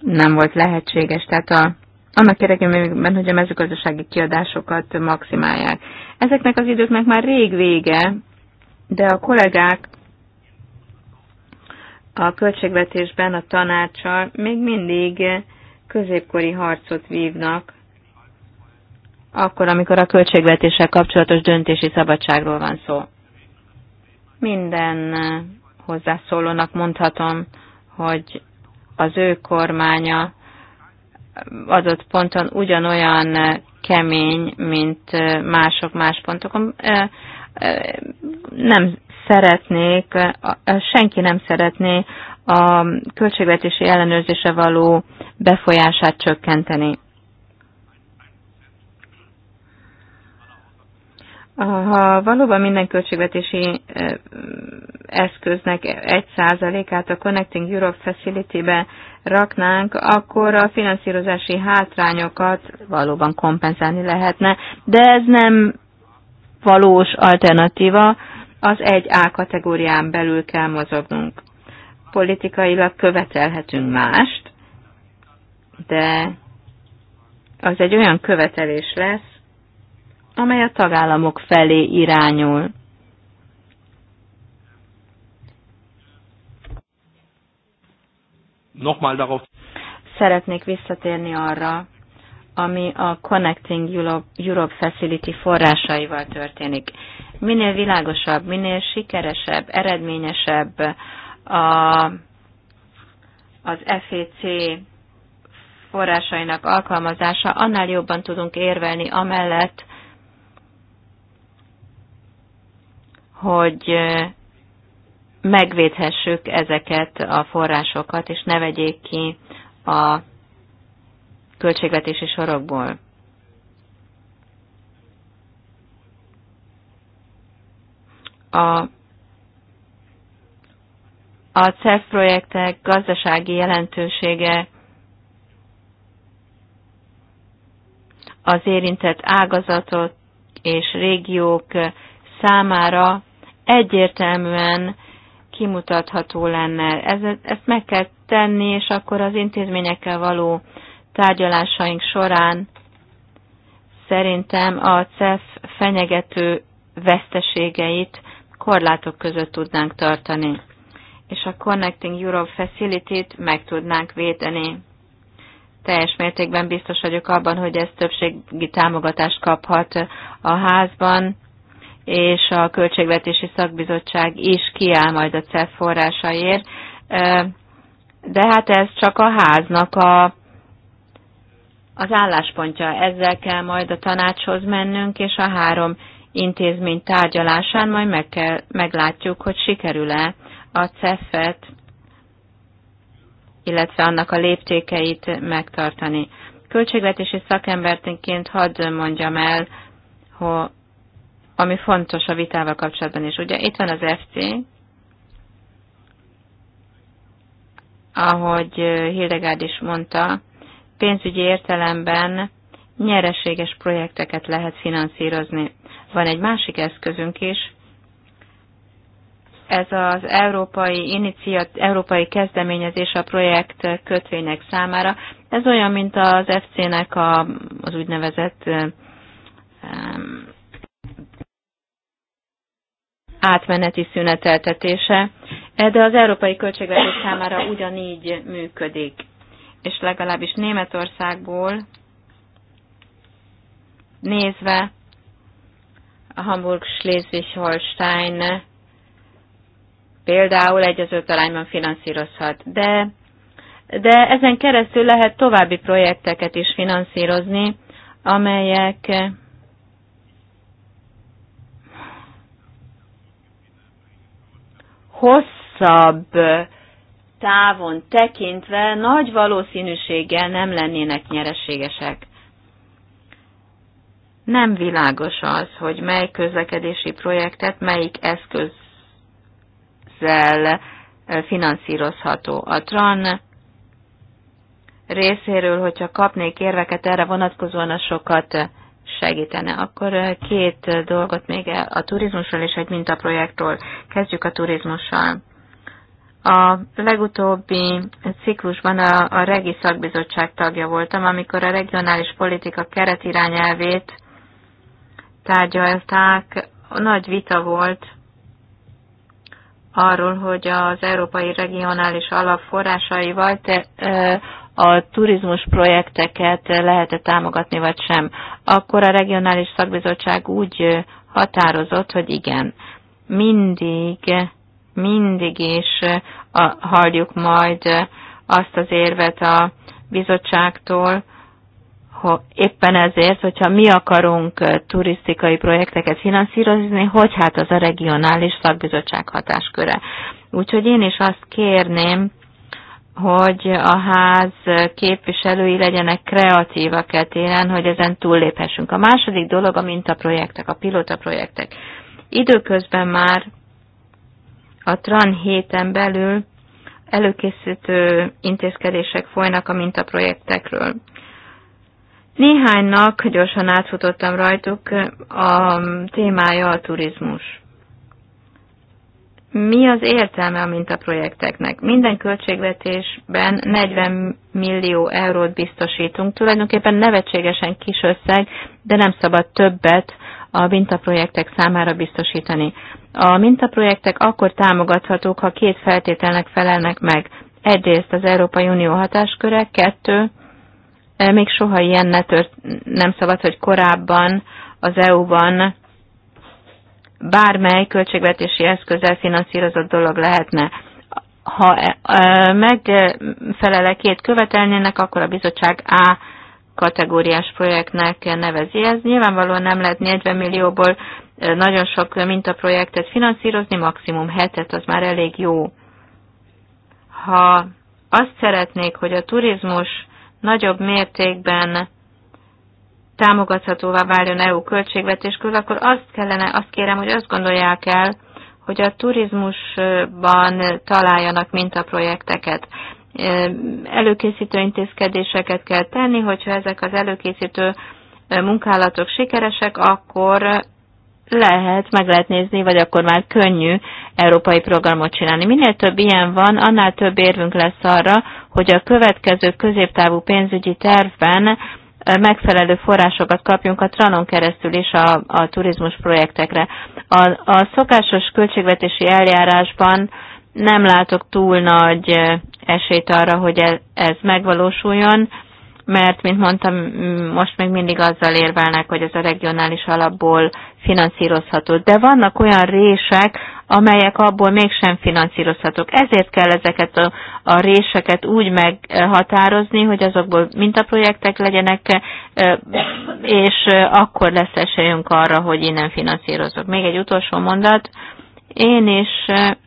nem volt lehetséges. Tehát a, annak érdekében, hogy a mezőgazdasági kiadásokat maximálják. Ezeknek az időknek már rég vége, de a kollégák a költségvetésben a tanácsal még mindig középkori harcot vívnak, akkor, amikor a költségvetéssel kapcsolatos döntési szabadságról van szó. Minden hozzászólónak mondhatom, hogy az ő kormánya adott ponton ugyanolyan kemény, mint mások más pontokon. Nem szeretnék, senki nem szeretné a költségvetési ellenőrzése való befolyását csökkenteni. Ha valóban minden költségvetési eszköznek egy át a Connecting Europe Facility-be raknánk, akkor a finanszírozási hátrányokat valóban kompenzálni lehetne, de ez nem valós alternatíva, az egy a kategórián belül kell mozognunk. Politikailag követelhetünk mást, de az egy olyan követelés lesz, amely a tagállamok felé irányul. Nochmal darauf. Szeretnék visszatérni arra, ami a Connecting Europe Facility forrásaival történik. Minél világosabb, minél sikeresebb, eredményesebb a, az FEC forrásainak alkalmazása, annál jobban tudunk érvelni amellett, hogy megvédhessük ezeket a forrásokat, és ne vegyék ki a költségvetési sorokból. A a CEF projektek gazdasági jelentősége az érintett ágazatok és régiók számára egyértelműen kimutatható lenne. Ez, ezt meg kell tenni, és akkor az intézményekkel való tárgyalásaink során szerintem a CEF fenyegető veszteségeit korlátok között tudnánk tartani, és a Connecting Europe Facility-t meg tudnánk védeni. Teljes mértékben biztos vagyok abban, hogy ez többségi támogatást kaphat a házban, és a Költségvetési Szakbizottság is kiáll majd a CEF forrásaiért, de hát ez csak a háznak a az álláspontja. Ezzel kell majd a tanácshoz mennünk, és a három intézmény tárgyalásán majd meg kell, meglátjuk, hogy sikerül-e a CEF-et, illetve annak a léptékeit megtartani. Költségvetési szakemberként hadd mondjam el, hogy ami fontos a vitával kapcsolatban is. Ugye itt van az FC, ahogy Hildegárd is mondta, pénzügyi értelemben nyereséges projekteket lehet finanszírozni. Van egy másik eszközünk is, ez az európai, iniciat, európai kezdeményezés a projekt kötvények számára. Ez olyan, mint az FC-nek a, az úgynevezett um, átmeneti szüneteltetése, de az európai költségvetés számára ugyanígy működik és legalábbis Németországból nézve a Hamburg-Schleswig-Holstein például egy az öt finanszírozhat. De, de ezen keresztül lehet további projekteket is finanszírozni, amelyek hosszabb távon tekintve nagy valószínűséggel nem lennének nyereségesek. Nem világos az, hogy mely közlekedési projektet melyik eszközzel eh, finanszírozható. A TRAN részéről, hogyha kapnék érveket erre vonatkozóan, az sokat segítene. Akkor eh, két dolgot még a turizmusról és egy mintaprojektról. Kezdjük a turizmussal. A legutóbbi ciklusban a, a Regi Szakbizottság tagja voltam, amikor a regionális politika keretirányelvét tárgyalták. Nagy vita volt arról, hogy az európai regionális alap vagy te, a turizmus projekteket lehet-e támogatni, vagy sem. Akkor a regionális szakbizottság úgy határozott, hogy igen. Mindig mindig is eh, a, halljuk majd eh, azt az érvet a bizottságtól, ha éppen ezért, hogyha mi akarunk eh, turisztikai projekteket finanszírozni, hogy hát az a regionális szakbizottság hatásköre. Úgyhogy én is azt kérném, hogy a ház képviselői legyenek kreatívak e téren, hogy ezen túlléphessünk. A második dolog a mintaprojektek, a pilota projektek. Időközben már a TRAN héten belül előkészítő intézkedések folynak a mintaprojektekről. Néhánynak gyorsan átfutottam rajtuk, a témája a turizmus. Mi az értelme a mintaprojekteknek? Minden költségvetésben 40 millió eurót biztosítunk, tulajdonképpen nevetségesen kis összeg, de nem szabad többet a mintaprojektek számára biztosítani. A mintaprojektek akkor támogathatók, ha két feltételnek felelnek meg. Egyrészt az Európai Unió hatásköre, kettő, e, még soha ilyen ne tört, nem szabad, hogy korábban az EU-ban bármely költségvetési eszközzel finanszírozott dolog lehetne. Ha e, e, megfelele két követelnének, akkor a bizottság A kategóriás projektnek nevezi. Ez nyilvánvalóan nem lehet 40 millióból nagyon sok mintaprojektet finanszírozni, maximum hetet, az már elég jó. Ha azt szeretnék, hogy a turizmus nagyobb mértékben támogathatóvá váljon EU költségvetéskül, akkor azt kellene, azt kérem, hogy azt gondolják el, hogy a turizmusban találjanak mintaprojekteket előkészítő intézkedéseket kell tenni, hogyha ezek az előkészítő munkálatok sikeresek, akkor lehet, meg lehet nézni, vagy akkor már könnyű európai programot csinálni. Minél több ilyen van, annál több érvünk lesz arra, hogy a következő középtávú pénzügyi tervben megfelelő forrásokat kapjunk a Tranon keresztül is a, a turizmus projektekre. A, a szokásos költségvetési eljárásban nem látok túl nagy esélyt arra, hogy e, ez megvalósuljon, mert, mint mondtam, most még mindig azzal érvelnek, hogy ez a regionális alapból finanszírozható. De vannak olyan rések, amelyek abból mégsem finanszírozhatók. Ezért kell ezeket a, a réseket úgy meghatározni, hogy azokból mintaprojektek legyenek, e, és akkor lesz esélyünk arra, hogy innen finanszírozok. Még egy utolsó mondat. Én is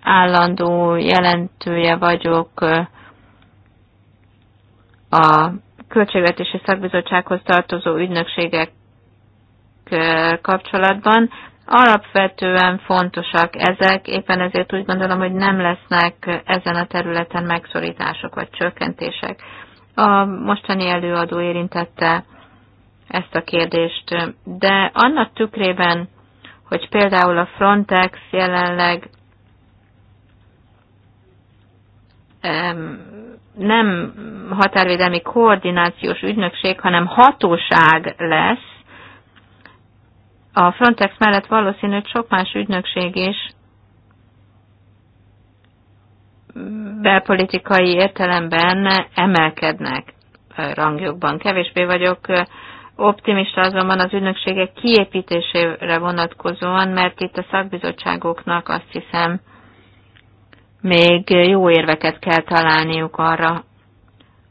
állandó jelentője vagyok e, a Költségvetési Szakbizottsághoz tartozó ügynökségek kapcsolatban. Alapvetően fontosak ezek, éppen ezért úgy gondolom, hogy nem lesznek ezen a területen megszorítások vagy csökkentések. A mostani előadó érintette ezt a kérdést, de annak tükrében, hogy például a Frontex jelenleg nem határvédelmi koordinációs ügynökség, hanem hatóság lesz. A Frontex mellett valószínű, hogy sok más ügynökség is belpolitikai értelemben emelkednek rangjukban. Kevésbé vagyok optimista azonban az ügynökségek kiépítésére vonatkozóan, mert itt a szakbizottságoknak azt hiszem, még jó érveket kell találniuk arra,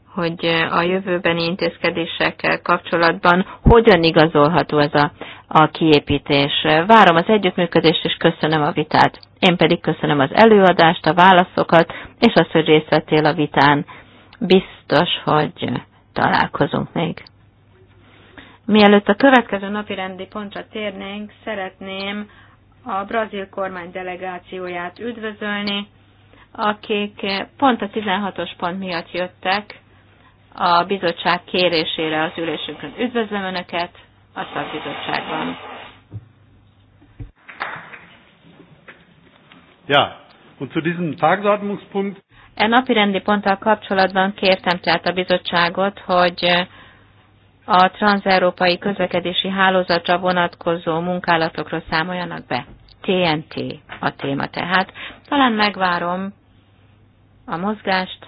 hogy a jövőbeni intézkedésekkel kapcsolatban hogyan igazolható ez a, a kiépítés. Várom az együttműködést, és köszönöm a vitát. Én pedig köszönöm az előadást, a válaszokat, és azt, hogy részt vettél a vitán. Biztos, hogy találkozunk még. Mielőtt a következő napi rendi pontra térnénk, szeretném a brazil kormány delegációját üdvözölni, akik pont a 16-os pont miatt jöttek a bizottság kérésére az ülésünkön. Üdvözlöm Önöket a szakbizottságban. Ja, und zu diesem Tagesordnungspunkt. E napi rendi ponttal kapcsolatban kértem tehát a bizottságot, hogy a transeurópai közlekedési hálózatra vonatkozó munkálatokról számoljanak be. TNT a téma tehát. Talán megvárom a mozgást,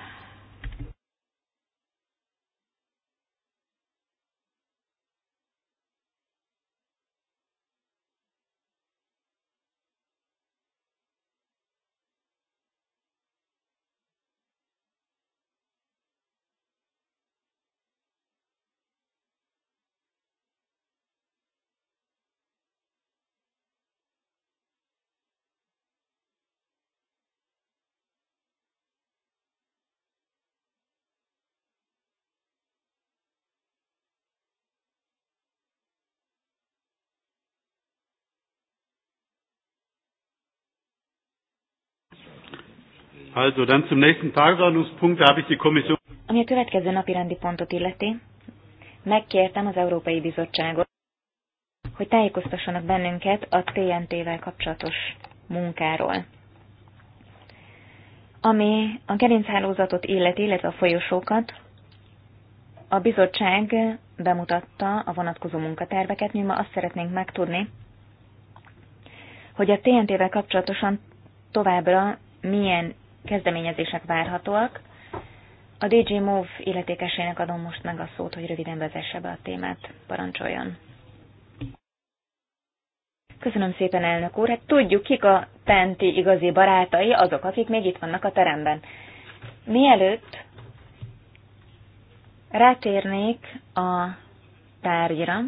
Also dann zum nächsten Tagesordnungspunkt, da habe ich die Kommission. Ami a következő napi rendi pontot illeti, megkértem az Európai Bizottságot, hogy tájékoztassanak bennünket a TNT-vel kapcsolatos munkáról. Ami a gerinchálózatot illeti, illetve a folyosókat, a bizottság bemutatta a vonatkozó munkaterveket, mi ma azt szeretnénk megtudni, hogy a TNT-vel kapcsolatosan továbbra milyen kezdeményezések várhatóak. A DJ Move illetékesének adom most meg a szót, hogy röviden vezesse be a témát. Parancsoljon! Köszönöm szépen, elnök úr. Hát tudjuk, kik a Penti igazi barátai, azok, akik még itt vannak a teremben. Mielőtt rátérnék a tárgyra,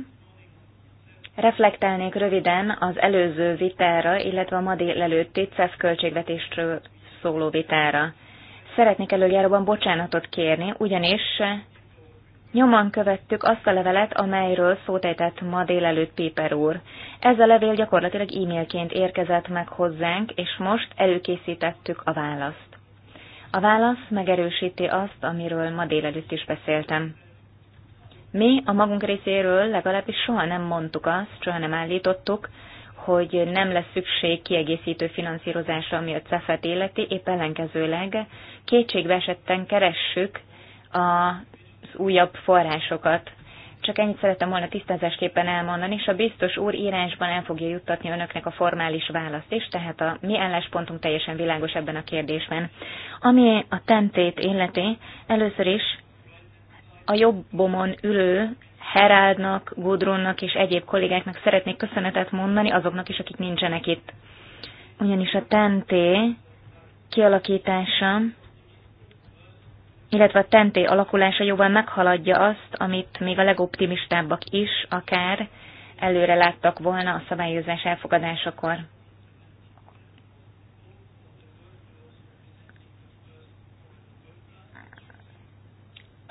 reflektálnék röviden az előző vitára, illetve a ma délelőtti CEF költségvetésről szóló vitára. Szeretnék előjáróban bocsánatot kérni, ugyanis Nyomon követtük azt a levelet, amelyről ejtett ma délelőtt Péper úr. Ez a levél gyakorlatilag e-mailként érkezett meg hozzánk, és most előkészítettük a választ. A válasz megerősíti azt, amiről ma délelőtt is beszéltem. Mi a magunk részéről legalábbis soha nem mondtuk azt, soha nem állítottuk, hogy nem lesz szükség kiegészítő finanszírozásra, ami a CEFET életi, épp ellenkezőleg kétségbe esetten keressük az újabb forrásokat. Csak ennyit szerettem volna tisztázásképpen elmondani, és a biztos úr írásban el fogja juttatni önöknek a formális választ is, tehát a mi álláspontunk teljesen világos ebben a kérdésben. Ami a tentét illeti, először is a jobbomon ülő Herádnak, Gudrunnak és egyéb kollégáknak szeretnék köszönetet mondani, azoknak is, akik nincsenek itt. Ugyanis a tenté kialakítása, illetve a tenté alakulása jóval meghaladja azt, amit még a legoptimistábbak is akár előre láttak volna a szabályozás elfogadásakor.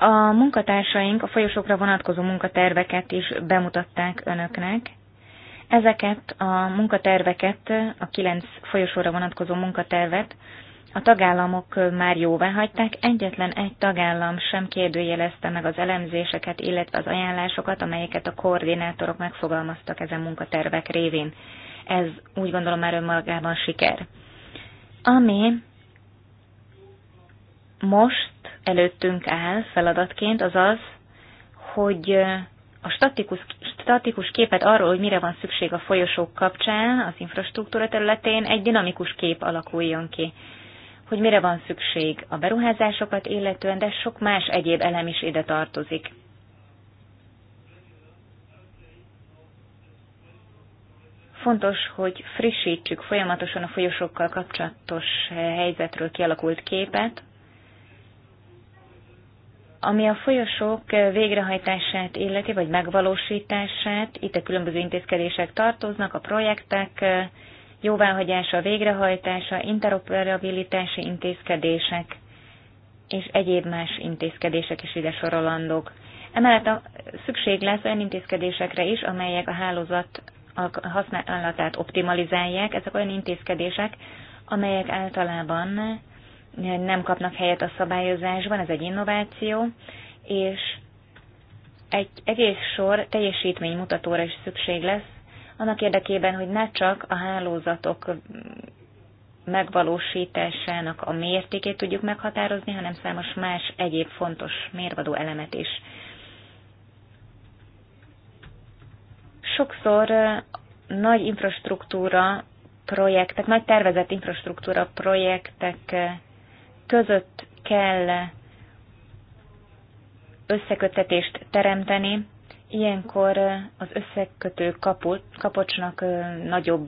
A munkatársaink a folyosókra vonatkozó munkaterveket is bemutatták önöknek. Ezeket a munkaterveket, a kilenc folyosóra vonatkozó munkatervet a tagállamok már jóvá hagyták, egyetlen egy tagállam sem kérdőjelezte meg az elemzéseket, illetve az ajánlásokat, amelyeket a koordinátorok megfogalmaztak ezen munkatervek révén. Ez úgy gondolom már önmagában siker. Ami most előttünk áll feladatként, az az, hogy a statikus, statikus képet arról, hogy mire van szükség a folyosók kapcsán, az infrastruktúra területén egy dinamikus kép alakuljon ki. Hogy mire van szükség a beruházásokat illetően, de sok más egyéb elem is ide tartozik. Fontos, hogy frissítsük folyamatosan a folyosókkal kapcsolatos helyzetről kialakult képet, ami a folyosók végrehajtását illeti, vagy megvalósítását, itt a különböző intézkedések tartoznak, a projektek jóváhagyása, végrehajtása, interoperabilitási intézkedések és egyéb más intézkedések is ide sorolandók. Emellett a szükség lesz olyan intézkedésekre is, amelyek a hálózat használatát optimalizálják. Ezek olyan intézkedések, amelyek általában nem kapnak helyet a szabályozásban, ez egy innováció, és egy egész sor teljesítménymutatóra is szükség lesz, annak érdekében, hogy ne csak a hálózatok megvalósításának a mértékét tudjuk meghatározni, hanem számos más egyéb fontos mérvadó elemet is. Sokszor nagy infrastruktúra projektek, nagy tervezett infrastruktúra projektek között kell összekötetést teremteni, ilyenkor az összekötő kaput, kapocsnak nagyobb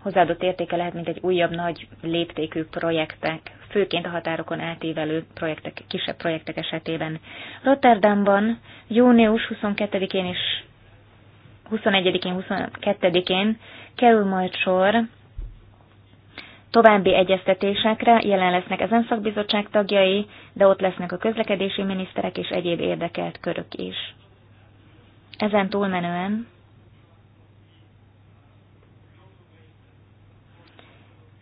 hozzáadott értéke lehet, mint egy újabb nagy léptékű projektek, főként a határokon átívelő projektek, kisebb projektek esetében. Rotterdamban június 22-én és 21-én, 22-én kerül majd sor További egyeztetésekre jelen lesznek ezen szakbizottság tagjai, de ott lesznek a közlekedési miniszterek és egyéb érdekelt körök is. Ezen túlmenően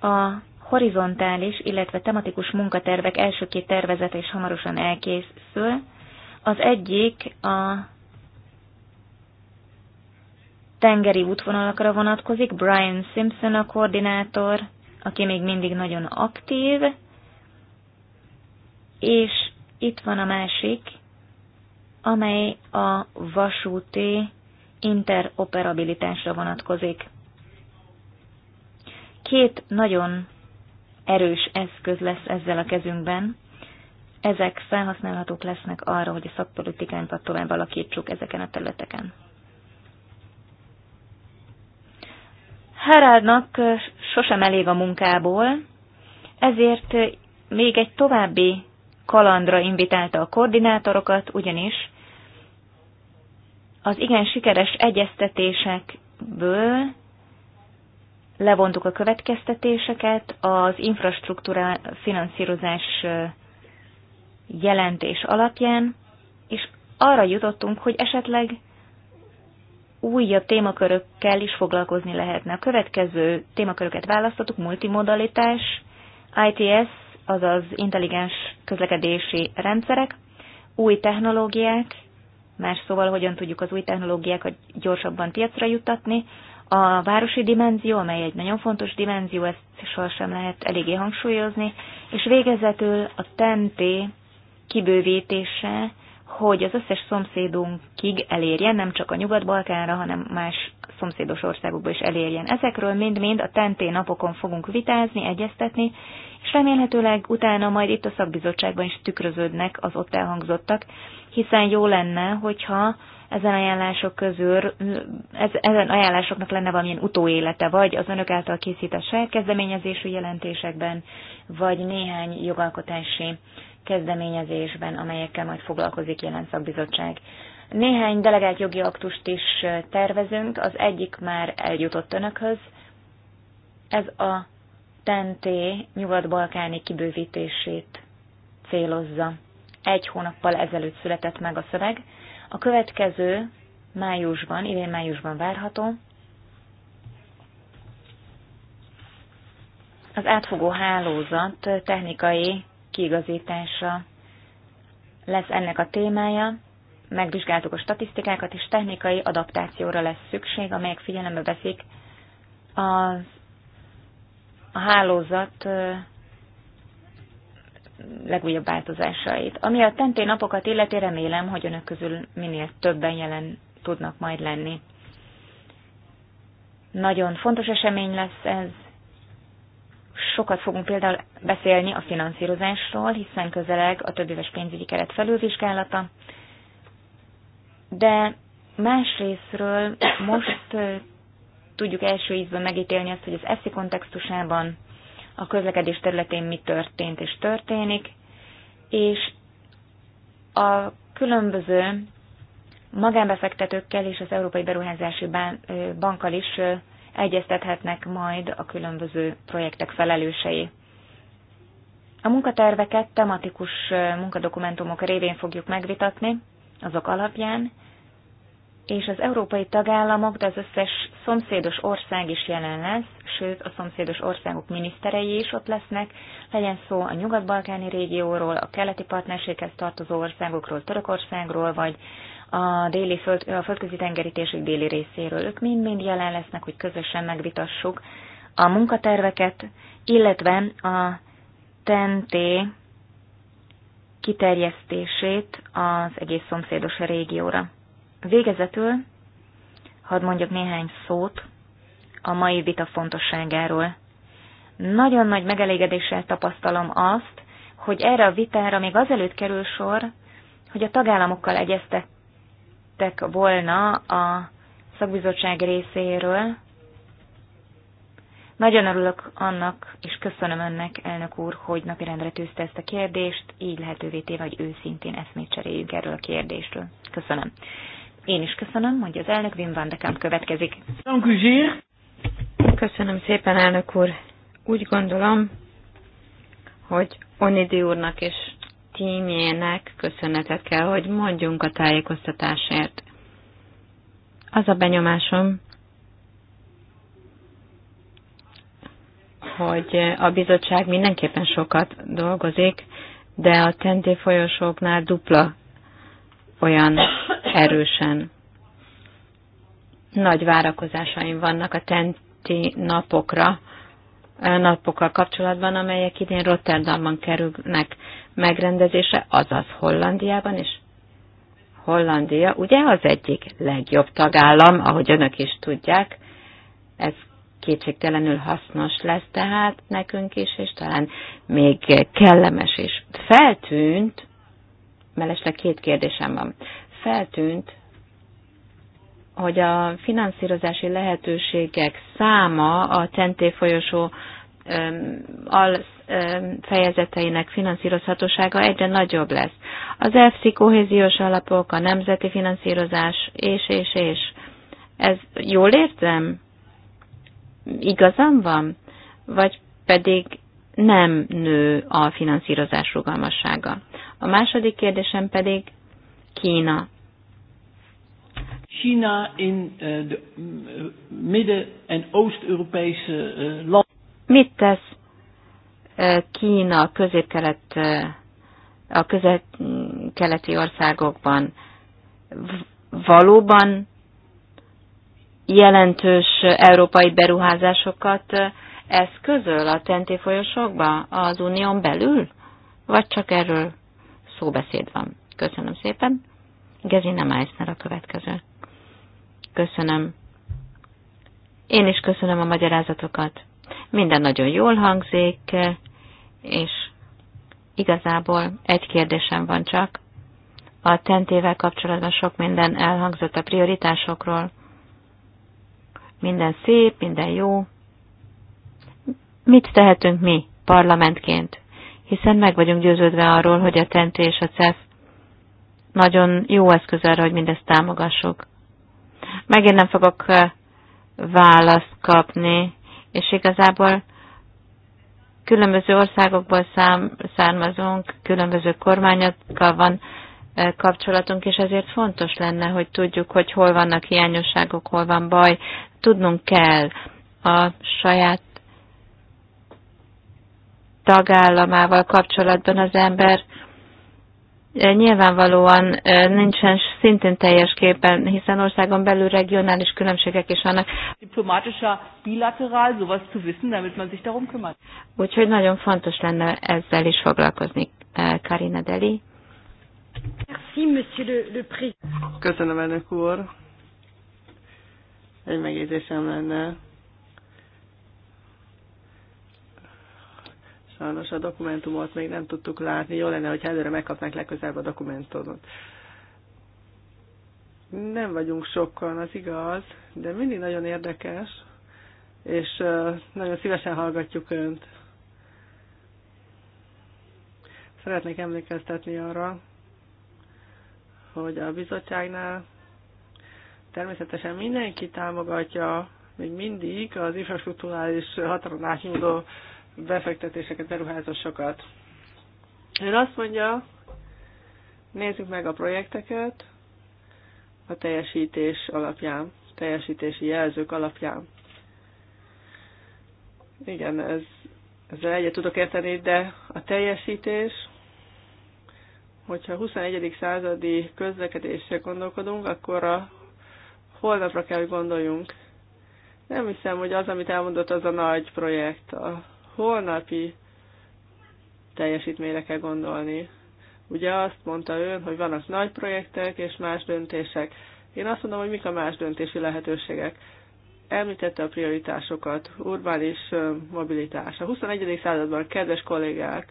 a horizontális, illetve tematikus munkatervek első két tervezete is hamarosan elkészül. Az egyik a tengeri útvonalakra vonatkozik, Brian Simpson a koordinátor, aki még mindig nagyon aktív, és itt van a másik, amely a vasúti interoperabilitásra vonatkozik. Két nagyon erős eszköz lesz ezzel a kezünkben. Ezek felhasználhatók lesznek arra, hogy a szakpolitikánkat tovább alakítsuk ezeken a területeken. Haraldnak sosem elég a munkából, ezért még egy további kalandra invitálta a koordinátorokat, ugyanis az igen sikeres egyeztetésekből levontuk a következtetéseket, az infrastruktúra finanszírozás jelentés alapján, és arra jutottunk, hogy esetleg újabb témakörökkel is foglalkozni lehetne. A következő témaköröket választottuk, multimodalitás, ITS, azaz intelligens közlekedési rendszerek, új technológiák, más szóval hogyan tudjuk az új technológiákat gyorsabban piacra juttatni, a városi dimenzió, amely egy nagyon fontos dimenzió, ezt sohasem lehet eléggé hangsúlyozni, és végezetül a TNT kibővítése hogy az összes szomszédunkig elérjen, nem csak a Nyugat-Balkánra, hanem más szomszédos országokba is elérjen. Ezekről mind-mind a tenté napokon fogunk vitázni, egyeztetni, és remélhetőleg utána majd itt a szakbizottságban is tükröződnek az ott elhangzottak, hiszen jó lenne, hogyha ezen ajánlások közül, ez, ezen ajánlásoknak lenne valamilyen utóélete, vagy az önök által készített saját kezdeményezésű jelentésekben, vagy néhány jogalkotási kezdeményezésben, amelyekkel majd foglalkozik jelen szakbizottság. Néhány delegált jogi aktust is tervezünk, az egyik már eljutott önökhöz. Ez a TNT nyugat-balkáni kibővítését célozza. Egy hónappal ezelőtt született meg a szöveg. A következő májusban, idén májusban várható. Az átfogó hálózat technikai kiigazítása lesz ennek a témája. Megvizsgáltuk a statisztikákat, és technikai adaptációra lesz szükség, amelyek figyelembe veszik a, a hálózat legújabb változásait. Ami a tenté napokat illeti, remélem, hogy önök közül minél többen jelen tudnak majd lenni. Nagyon fontos esemény lesz ez, Sokat fogunk például beszélni a finanszírozásról, hiszen közeleg a többéves pénzügyi keret felülvizsgálata, de másrésztről most tudjuk első ízben megítélni azt, hogy az eszi kontextusában a közlekedés területén mi történt és történik, és a különböző magánbefektetőkkel és az Európai Beruházási Bankkal is egyeztethetnek majd a különböző projektek felelősei. A munkaterveket tematikus munkadokumentumok révén fogjuk megvitatni, azok alapján, és az európai tagállamok, de az összes szomszédos ország is jelen lesz, sőt a szomszédos országok miniszterei is ott lesznek, legyen szó a nyugat-balkáni régióról, a keleti partnerséghez tartozó országokról, Törökországról, vagy a déli föld, a földközi tengerítésük déli részéről. Ők mind-mind jelen lesznek, hogy közösen megvitassuk a munkaterveket, illetve a TNT kiterjesztését az egész szomszédos régióra. Végezetül hadd mondjak néhány szót a mai vita fontosságáról. Nagyon nagy megelégedéssel tapasztalom azt, hogy erre a vitára még azelőtt kerül sor, hogy a tagállamokkal egyeztet lettek volna a szakbizottság részéről. Nagyon örülök annak, és köszönöm önnek, elnök úr, hogy napirendre tűzte ezt a kérdést, így lehetővé téve, hogy őszintén eszmét cseréljük erről a kérdésről. Köszönöm. Én is köszönöm, hogy az elnök Wim van Dekam következik. Köszönöm szépen, elnök úr. Úgy gondolom, hogy Onidi úrnak és tímjének köszönetet kell, hogy mondjunk a tájékoztatásért. Az a benyomásom, hogy a bizottság mindenképpen sokat dolgozik, de a tenté folyosóknál dupla olyan erősen. Nagy várakozásaim vannak a tenti napokra, napokkal kapcsolatban, amelyek idén Rotterdamban kerülnek megrendezése, azaz Hollandiában is. Hollandia ugye az egyik legjobb tagállam, ahogy önök is tudják, ez kétségtelenül hasznos lesz tehát nekünk is, és talán még kellemes is. Feltűnt, mellesleg két kérdésem van, feltűnt, hogy a finanszírozási lehetőségek száma a Centé folyosó al fejezeteinek finanszírozhatósága egyre nagyobb lesz. Az EFSI kohéziós alapok, a nemzeti finanszírozás, és, és, és. Ez jól értem? Igazam van? Vagy pedig nem nő a finanszírozás rugalmassága? A második kérdésem pedig Kína. China in eh, de eh, Midden- en Oost-Europese eh, landen. Mit tesz Kína közép-kelet, a közép-keleti országokban? Valóban jelentős európai beruházásokat eszközöl a tenté folyosokba az unión belül? Vagy csak erről szóbeszéd van? Köszönöm szépen. Gezina Meissner a következő. Köszönöm. Én is köszönöm a magyarázatokat. Minden nagyon jól hangzik, és igazából egy kérdésem van csak. A tentével kapcsolatban sok minden elhangzott a prioritásokról. Minden szép, minden jó. Mit tehetünk mi parlamentként? Hiszen meg vagyunk győződve arról, hogy a tenté és a CEF nagyon jó eszköz arra, hogy mindezt támogassuk. Megint nem fogok választ kapni, és igazából különböző országokból szám, származunk, különböző kormányokkal van kapcsolatunk, és ezért fontos lenne, hogy tudjuk, hogy hol vannak hiányosságok, hol van baj. Tudnunk kell a saját tagállamával kapcsolatban az ember Nyilvánvalóan nincsen szintén teljes képen, hiszen országon belül regionális különbségek is vannak. damit man darum Úgyhogy nagyon fontos lenne ezzel is foglalkozni. Karina Deli. monsieur le, président. Köszönöm, elnök úr. Egy megjegyzésem lenne Sajnos a dokumentumot még nem tudtuk látni. Jó lenne, hogy előre megkapnánk legközelebb a dokumentumot. Nem vagyunk sokkal, az igaz, de mindig nagyon érdekes, és nagyon szívesen hallgatjuk Önt. Szeretnék emlékeztetni arra, hogy a bizottságnál természetesen mindenki támogatja még mindig az infrastruktúrális határon átnyúló befektetéseket, beruházásokat. Ön azt mondja, nézzük meg a projekteket a teljesítés alapján, teljesítési jelzők alapján. Igen, ez, ezzel egyet tudok érteni, de a teljesítés, hogyha a 21. századi közlekedésre gondolkodunk, akkor a holnapra kell, hogy gondoljunk. Nem hiszem, hogy az, amit elmondott, az a nagy projekt, a holnapi teljesítményre kell gondolni. Ugye azt mondta ön, hogy vannak nagy projektek és más döntések. Én azt mondom, hogy mik a más döntési lehetőségek. Említette a prioritásokat, urbális mobilitás. A 21. században, kedves kollégák,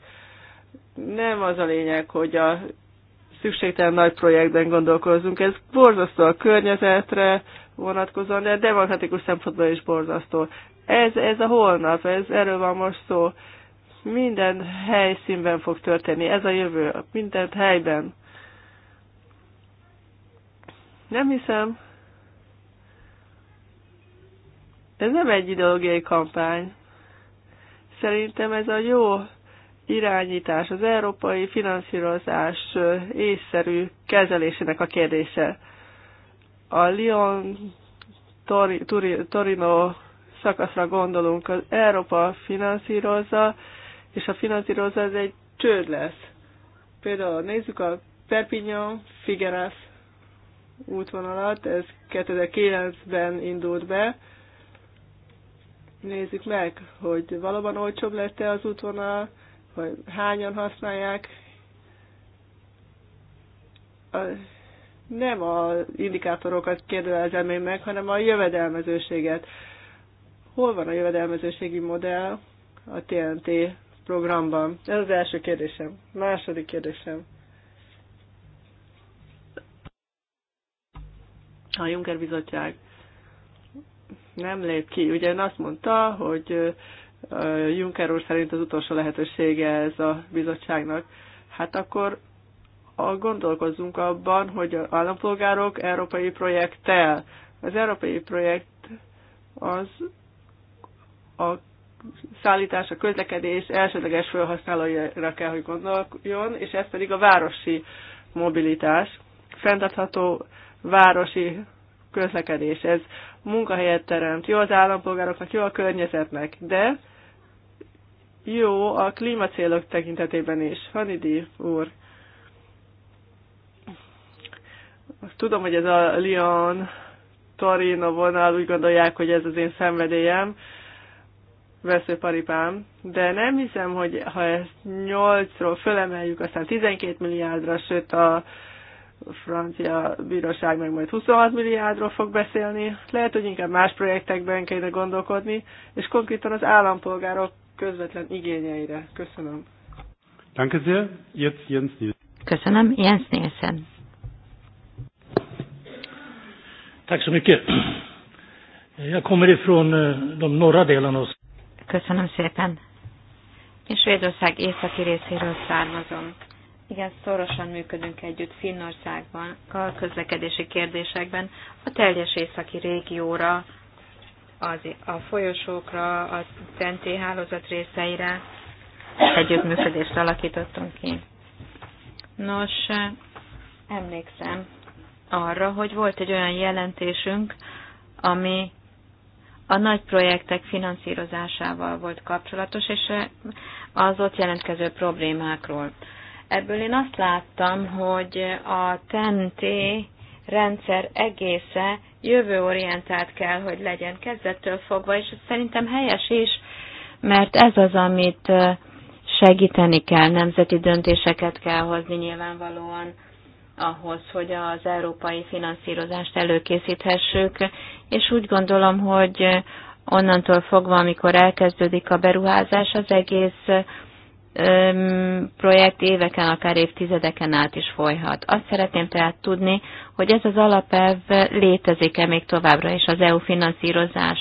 nem az a lényeg, hogy a szükségtelen nagy projektben gondolkozunk. Ez borzasztó a környezetre vonatkozóan, de demokratikus szempontból is borzasztó. Ez, ez a holnap, ez, erről van most szó. Minden helyszínben fog történni, ez a jövő, minden helyben. Nem hiszem. Ez nem egy ideológiai kampány. Szerintem ez a jó irányítás, az európai finanszírozás észszerű kezelésének a kérdése. A Lyon Torino szakaszra gondolunk. Az Európa finanszírozza, és a finanszírozza ez egy csőd lesz. Például nézzük a Perpignan Figueres útvonalat, ez 2009-ben indult be. Nézzük meg, hogy valóban olcsóbb lett-e az útvonal, hogy hányan használják. A, nem az indikátorokat kérdőjelezem én meg, hanem a jövedelmezőséget hol van a jövedelmezőségi modell a TNT programban? Ez az első kérdésem. Második kérdésem. A Juncker Bizottság nem lép ki. Ugye ön azt mondta, hogy Juncker úr szerint az utolsó lehetősége ez a bizottságnak. Hát akkor a gondolkozzunk abban, hogy az állampolgárok európai projekttel. Az európai projekt az a szállítás, a közlekedés elsődleges felhasználóira kell, hogy gondoljon, és ez pedig a városi mobilitás, fenntartható városi közlekedés. Ez munkahelyet teremt, jó az állampolgároknak, jó a környezetnek, de jó a klímacélok tekintetében is. Hanidi úr, azt tudom, hogy ez a Lyon Torino vonal, úgy gondolják, hogy ez az én szenvedélyem, veszőparipám, de nem hiszem, hogy ha ezt 8-ról fölemeljük, aztán 12 milliárdra, sőt a francia bíróság meg majd 26 milliárdról fog beszélni, lehet, hogy inkább más projektekben kéne gondolkodni, és konkrétan az állampolgárok közvetlen igényeire. Köszönöm. Danke sehr. Jetzt Jens Nielsen. Köszönöm. Jens Nielsen. Tack så mycket. Jag kommer ifrån eh, de norra delarna av Köszönöm szépen. Én Svédország északi részéről származom. Igen, szorosan működünk együtt Finnországban, a közlekedési kérdésekben, a teljes északi régióra, az, a folyosókra, a TNT hálózat részeire együttműködést alakítottunk ki. Nos, emlékszem arra, hogy volt egy olyan jelentésünk, ami a nagy projektek finanszírozásával volt kapcsolatos, és az ott jelentkező problémákról. Ebből én azt láttam, hogy a TNT rendszer egésze jövőorientált kell, hogy legyen kezdettől fogva, és ez szerintem helyes is, mert ez az, amit segíteni kell, nemzeti döntéseket kell hozni nyilvánvalóan ahhoz, hogy az európai finanszírozást előkészíthessük, és úgy gondolom, hogy onnantól fogva, amikor elkezdődik a beruházás, az egész projekt éveken, akár évtizedeken át is folyhat. Azt szeretném tehát tudni, hogy ez az alapelv létezik-e még továbbra is az EU finanszírozás,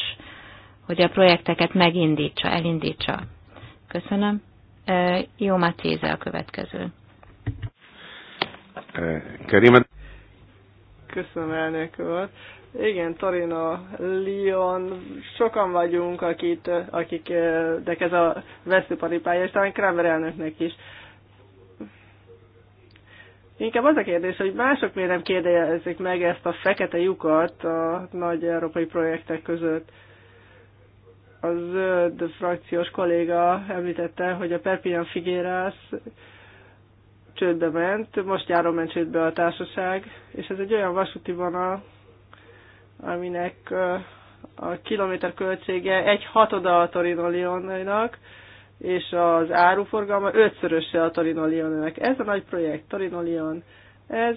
hogy a projekteket megindítsa, elindítsa. Köszönöm. Jó Matéze a következő. Kerimet. Köszönöm, elnök úr. Igen, Torino, Lyon, sokan vagyunk, akit, akik, de ez a veszőparipája, és talán Kramer elnöknek is. Inkább az a kérdés, hogy mások miért nem kérdezik meg ezt a fekete lyukat a nagy európai projektek között. A zöld frakciós kolléga említette, hogy a Perpignan Figueras csődbe ment, most járom ment csődbe a társaság, és ez egy olyan vasúti vonal, aminek a kilométer költsége egy hatoda a Torino és az áruforgalma ötszöröse a Torino Lionnak. Ez a nagy projekt, Torino Lion, Ez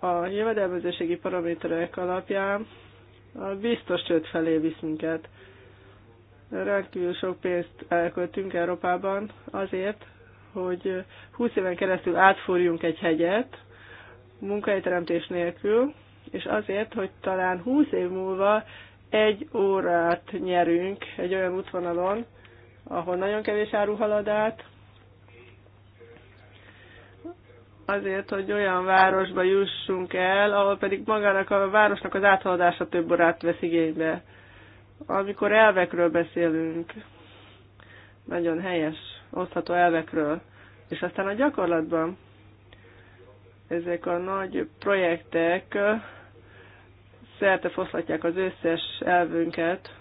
a jövedelmezőségi paraméterek alapján a biztos csőd felé visz minket. Rendkívül sok pénzt elköltünk Európában azért, hogy 20 éven keresztül átforjunk egy hegyet, munkahelyteremtés nélkül, és azért, hogy talán 20 év múlva egy órát nyerünk egy olyan útvonalon, ahol nagyon kevés áru halad át, azért, hogy olyan városba jussunk el, ahol pedig magának a városnak az áthaladása több órát vesz igénybe. Amikor elvekről beszélünk, nagyon helyes osztható elvekről. És aztán a gyakorlatban ezek a nagy projektek szerte foszlatják az összes elvünket,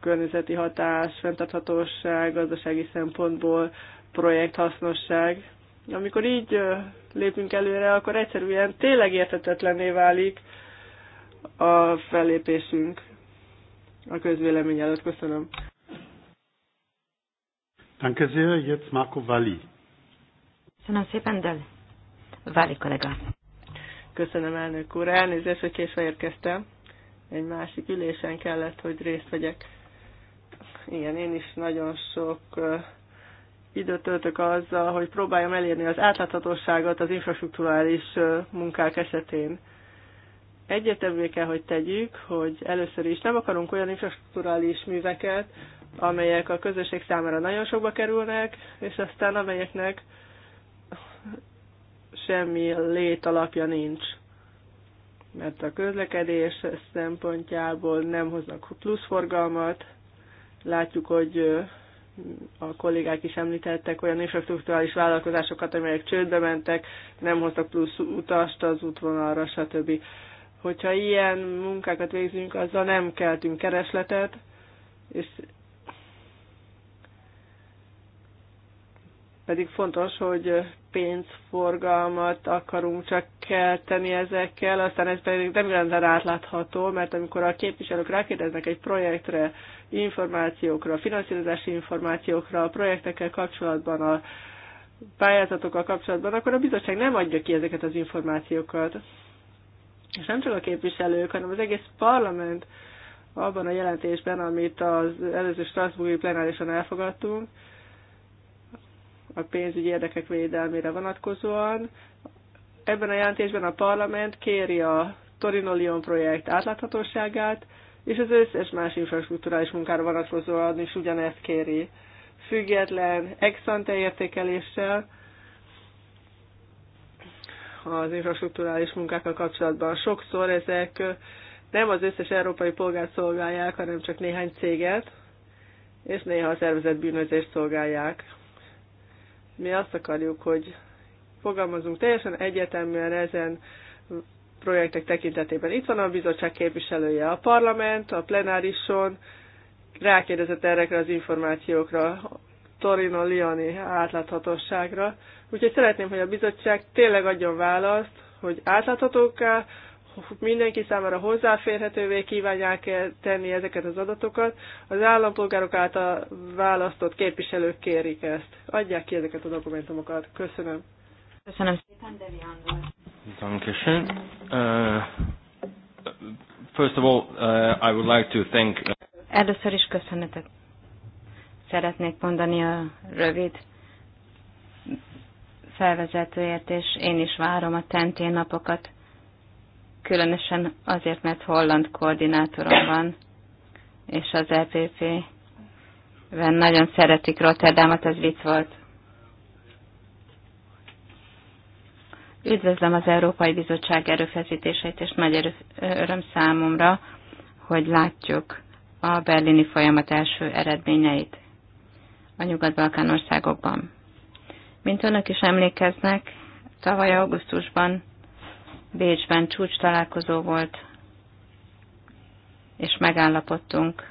környezeti hatás, fenntarthatóság, gazdasági szempontból, projekthasznosság. Amikor így lépünk előre, akkor egyszerűen tényleg értetetlenné válik a fellépésünk a közvélemény előtt. Köszönöm. Danke sehr, jetzt Marco Valli. Köszönöm szépen, kollega. Köszönöm, elnök úr. Elnézést, hogy késve érkeztem. Egy másik ülésen kellett, hogy részt vegyek. Igen, én is nagyon sok időt töltök azzal, hogy próbáljam elérni az átláthatóságot az infrastruktúrális munkák esetén. Egyértelmű kell, hogy tegyük, hogy először is nem akarunk olyan infrastruktúrális műveket, amelyek a közösség számára nagyon sokba kerülnek, és aztán amelyeknek semmi létalapja nincs. Mert a közlekedés szempontjából nem hoznak plusz forgalmat. Látjuk, hogy a kollégák is említettek olyan infrastruktúrális vállalkozásokat, amelyek csődbe mentek, nem hoztak plusz utast az útvonalra, stb. Hogyha ilyen munkákat végzünk, azzal nem keltünk keresletet, és pedig fontos, hogy pénzforgalmat akarunk csak kelteni ezekkel, aztán ez pedig nem igazán átlátható, mert amikor a képviselők rákérdeznek egy projektre, információkra, finanszírozási információkra, a projektekkel kapcsolatban, a pályázatokkal kapcsolatban, akkor a bizottság nem adja ki ezeket az információkat. És nem csak a képviselők, hanem az egész parlament abban a jelentésben, amit az előző Strasbourgi plenárison elfogadtunk, a pénzügyi érdekek védelmére vonatkozóan. Ebben a jelentésben a parlament kéri a Torino Lyon projekt átláthatóságát, és az összes más infrastruktúrális munkára vonatkozóan is ugyanezt kéri. Független, ex ante értékeléssel, az infrastruktúrális munkákkal kapcsolatban. Sokszor ezek nem az összes európai polgárt szolgálják, hanem csak néhány céget, és néha a szervezet bűnözést szolgálják. Mi azt akarjuk, hogy fogalmazunk teljesen egyeteműen ezen projektek tekintetében. Itt van a bizottság képviselője, a parlament, a plenárison, rákérdezett erre az információkra, Torino-Lioni átláthatóságra. Úgyhogy szeretném, hogy a bizottság tényleg adjon választ, hogy átláthatók-e mindenki számára hozzáférhetővé kívánják -e tenni ezeket az adatokat. Az állampolgárok által választott képviselők kérik ezt. Adják ki ezeket a dokumentumokat. Köszönöm. Köszönöm szépen, Devi Andor. Dankeschön. Uh, first of all, uh, I would like to thank... Uh, Először is köszönetet szeretnék mondani a rövid felvezetőért, és én is várom a tentén napokat különösen azért, mert holland koordinátorom van, és az EPP-ben nagyon szeretik Rotterdamot, az vicc volt. Üdvözlöm az Európai Bizottság erőfeszítéseit, és nagy erő, öröm számomra, hogy látjuk a berlini folyamat első eredményeit a Nyugat-Balkán országokban. Mint önök is emlékeznek, tavaly augusztusban Bécsben csúcs találkozó volt, és megállapodtunk.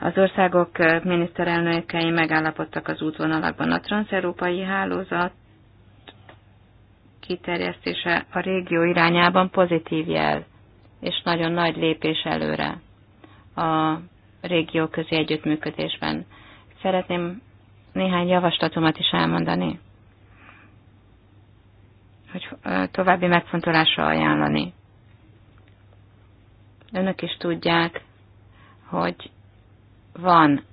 Az országok miniszterelnökei megállapodtak az útvonalakban. A transzeurópai hálózat kiterjesztése a régió irányában pozitív jel, és nagyon nagy lépés előre a régió közi együttműködésben. Szeretném néhány javaslatomat is elmondani hogy további megfontolásra ajánlani. Önök is tudják, hogy van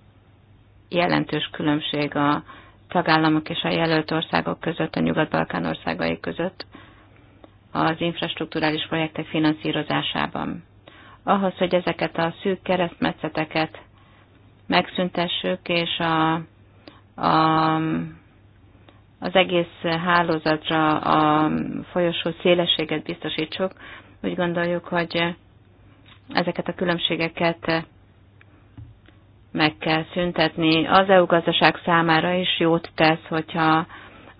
jelentős különbség a tagállamok és a jelölt országok között, a Nyugat-Balkán országai között az infrastruktúrális projektek finanszírozásában. Ahhoz, hogy ezeket a szűk keresztmetszeteket megszüntessük, és a, a az egész hálózatra a folyosó szélességet biztosítsuk, úgy gondoljuk, hogy ezeket a különbségeket meg kell szüntetni. Az EU gazdaság számára is jót tesz, hogyha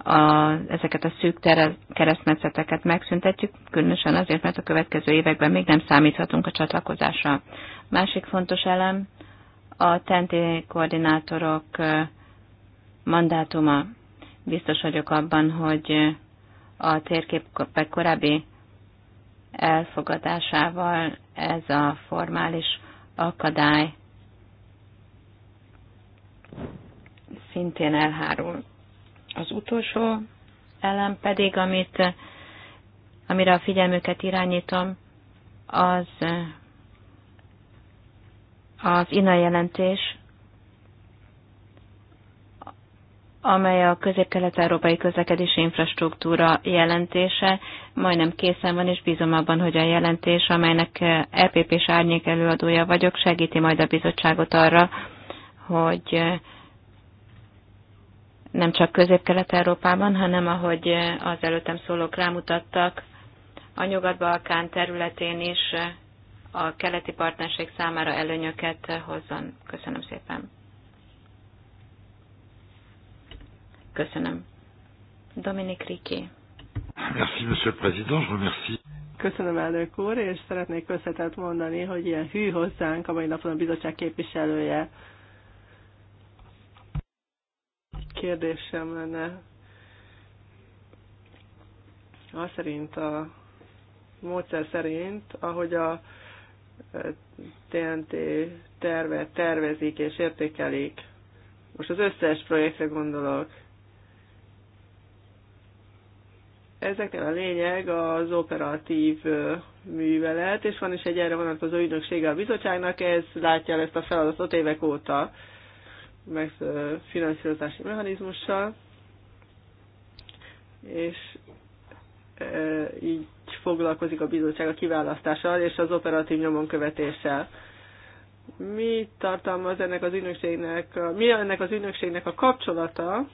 a, ezeket a szűk keresztmetszeteket megszüntetjük, különösen azért, mert a következő években még nem számíthatunk a csatlakozásra. Másik fontos elem a TENTI koordinátorok mandátuma. Biztos vagyok abban, hogy a térképek korábbi elfogadásával ez a formális akadály szintén elhárul. Az utolsó elem pedig, amit, amire a figyelmüket irányítom, az az INA jelentés, amely a közép-kelet-európai közlekedési infrastruktúra jelentése. Majdnem készen van, és bízom abban, hogy a jelentés, amelynek EPP-s árnyék előadója vagyok, segíti majd a bizottságot arra, hogy nem csak közép-kelet-európában, hanem ahogy az előttem szólók rámutattak, a Nyugat-Balkán területén is a keleti partnerség számára előnyöket hozzon. Köszönöm szépen. Köszönöm. Dominik Riké. Merci, Monsieur le Président, je remercie. Köszönöm, elnök úr, és szeretnék összetett mondani, hogy ilyen hű hozzánk a mai napon a bizottság képviselője. Kérdésem lenne. A szerint a módszer szerint, ahogy a eh, TNT tervet tervezik és értékelik, most az összes projektre gondolok, Ezeknél a lényeg az operatív művelet, és van is egy erre vonatkozó ügynöksége a bizottságnak, ez látja ezt a feladatot évek óta, meg finanszírozási mechanizmussal, és így foglalkozik a bizottság a kiválasztással és az operatív nyomon követéssel. Mi tartalmaz ennek az ügynökségnek, mi ennek az ügynökségnek a kapcsolata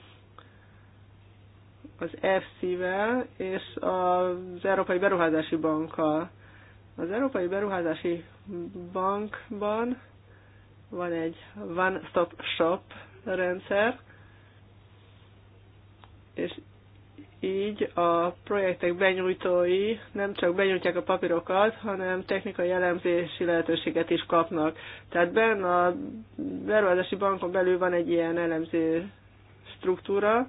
az FC-vel és az Európai Beruházási Bankkal. Az Európai Beruházási Bankban van egy one-stop shop rendszer, és így a projektek benyújtói nem csak benyújtják a papírokat, hanem technikai elemzési lehetőséget is kapnak. Tehát benne a beruházási bankon belül van egy ilyen elemző struktúra,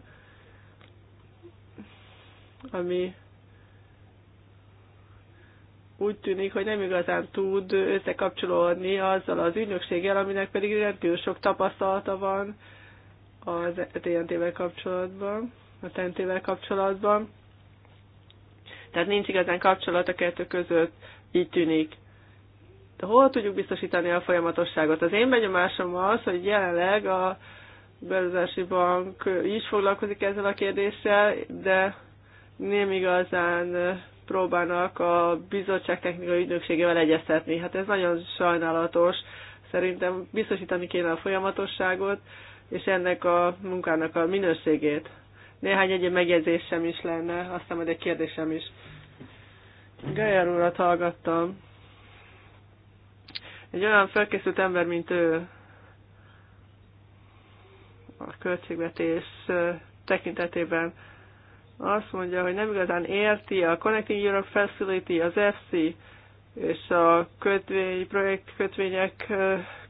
ami úgy tűnik, hogy nem igazán tud összekapcsolódni azzal az ügynökséggel, aminek pedig rendkívül sok tapasztalata van az TNT-vel kapcsolatban, a TNT-vel kapcsolatban. Tehát nincs igazán kapcsolat a kettő között, így tűnik. De hol tudjuk biztosítani a folyamatosságot? Az én benyomásom az, hogy jelenleg a beruházási bank is foglalkozik ezzel a kérdéssel, de nem igazán próbálnak a bizottság technikai ügynökségével egyeztetni. Hát ez nagyon sajnálatos. Szerintem biztosítani kéne a folyamatosságot, és ennek a munkának a minőségét. Néhány egyéb megjegyzésem is lenne, aztán majd egy kérdésem is. Gajer urat hallgattam. Egy olyan felkészült ember, mint ő, a költségvetés tekintetében azt mondja, hogy nem igazán érti a Connecting Europe Facility, az FC és a kötvény, kötvények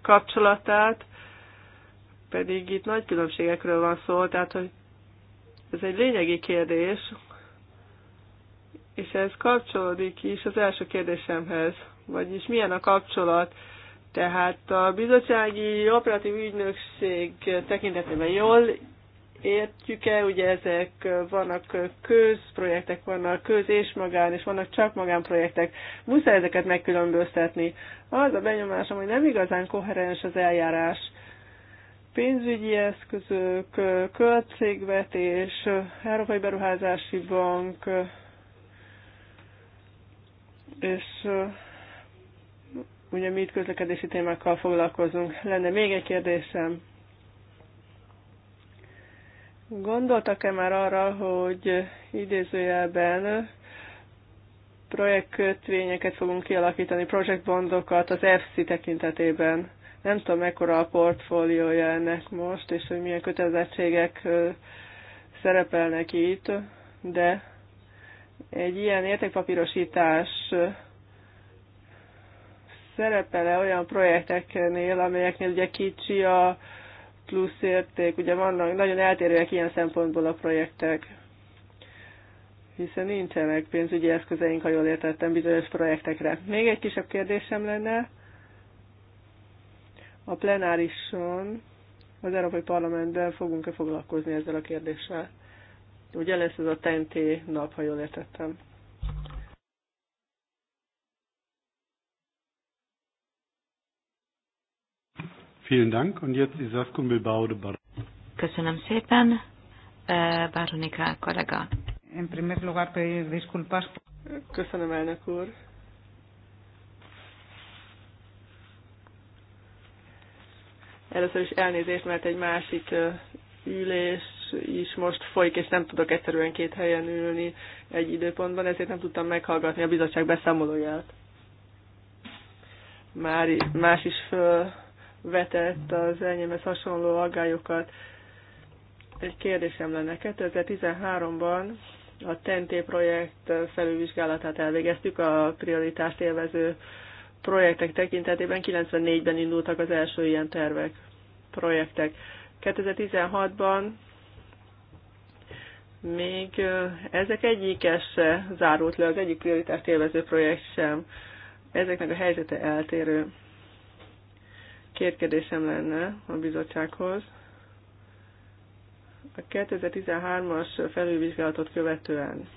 kapcsolatát, pedig itt nagy különbségekről van szó, tehát hogy ez egy lényegi kérdés, és ez kapcsolódik is az első kérdésemhez, vagyis milyen a kapcsolat. Tehát a bizottsági operatív ügynökség tekintetében jól értjük el, ugye ezek vannak közprojektek, vannak köz és magán, és vannak csak magánprojektek. Muszáj ezeket megkülönböztetni. Az a benyomásom, hogy nem igazán koherens az eljárás. Pénzügyi eszközök, költségvetés, Európai Beruházási Bank, és ugye mi itt közlekedési témákkal foglalkozunk. Lenne még egy kérdésem Gondoltak-e már arra, hogy idézőjelben projektkötvényeket fogunk kialakítani, projektbondokat az FC tekintetében? Nem tudom, mekkora a portfóliója ennek most, és hogy milyen kötelezettségek szerepelnek itt, de egy ilyen értékpapírosítás szerepele olyan projekteknél, amelyeknél ugye kicsi a plusz érték. Ugye vannak, nagyon eltérőek ilyen szempontból a projektek, hiszen nincsenek pénzügyi eszközeink, ha jól értettem, bizonyos projektekre. Még egy kisebb kérdésem lenne. A plenárison az Európai Parlamentben fogunk-e foglalkozni ezzel a kérdéssel? Ugye lesz ez a tenté nap, ha jól értettem. Vielen Dank. Und jetzt Bilbao de Bar. Köszönöm szépen, Baronika kollega. En primer lugar pedir disculpas. Köszönöm, elnök úr. Először is elnézést, mert egy másik ülés is most folyik, és nem tudok egyszerűen két helyen ülni egy időpontban, ezért nem tudtam meghallgatni a bizottság beszámolóját. Már más is föl vetett az enyémhez hasonló aggályokat. Egy kérdésem lenne. 2013-ban a TNT projekt felülvizsgálatát elvégeztük a prioritást élvező projektek tekintetében. 94-ben indultak az első ilyen tervek, projektek. 2016-ban még ezek egyikes se zárult le, az egyik prioritást élvező projekt sem. Ezeknek a helyzete eltérő. Két kérdésem lenne a bizottsághoz. A 2013-as felülvizsgálatot követően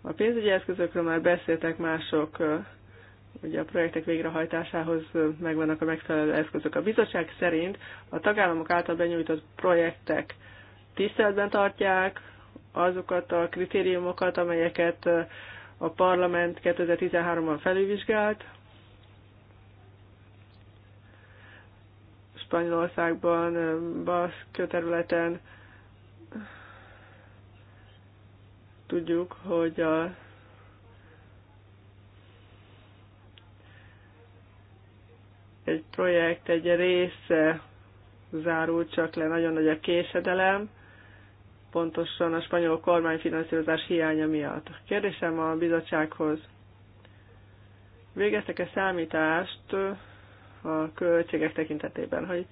A pénzügyi eszközökről már beszéltek mások, ugye a projektek végrehajtásához megvannak a megfelelő eszközök. A bizottság szerint a tagállamok által benyújtott projektek tiszteletben tartják azokat a kritériumokat, amelyeket a parlament 2013-ban felülvizsgált. Spanyolországban, Baszk területen tudjuk, hogy a egy projekt egy része zárult csak le, nagyon nagy a késedelem, pontosan a spanyol kormányfinanszírozás hiánya miatt. Kérdésem a bizottsághoz. Végeztek-e számítást a költségek tekintetében, hogy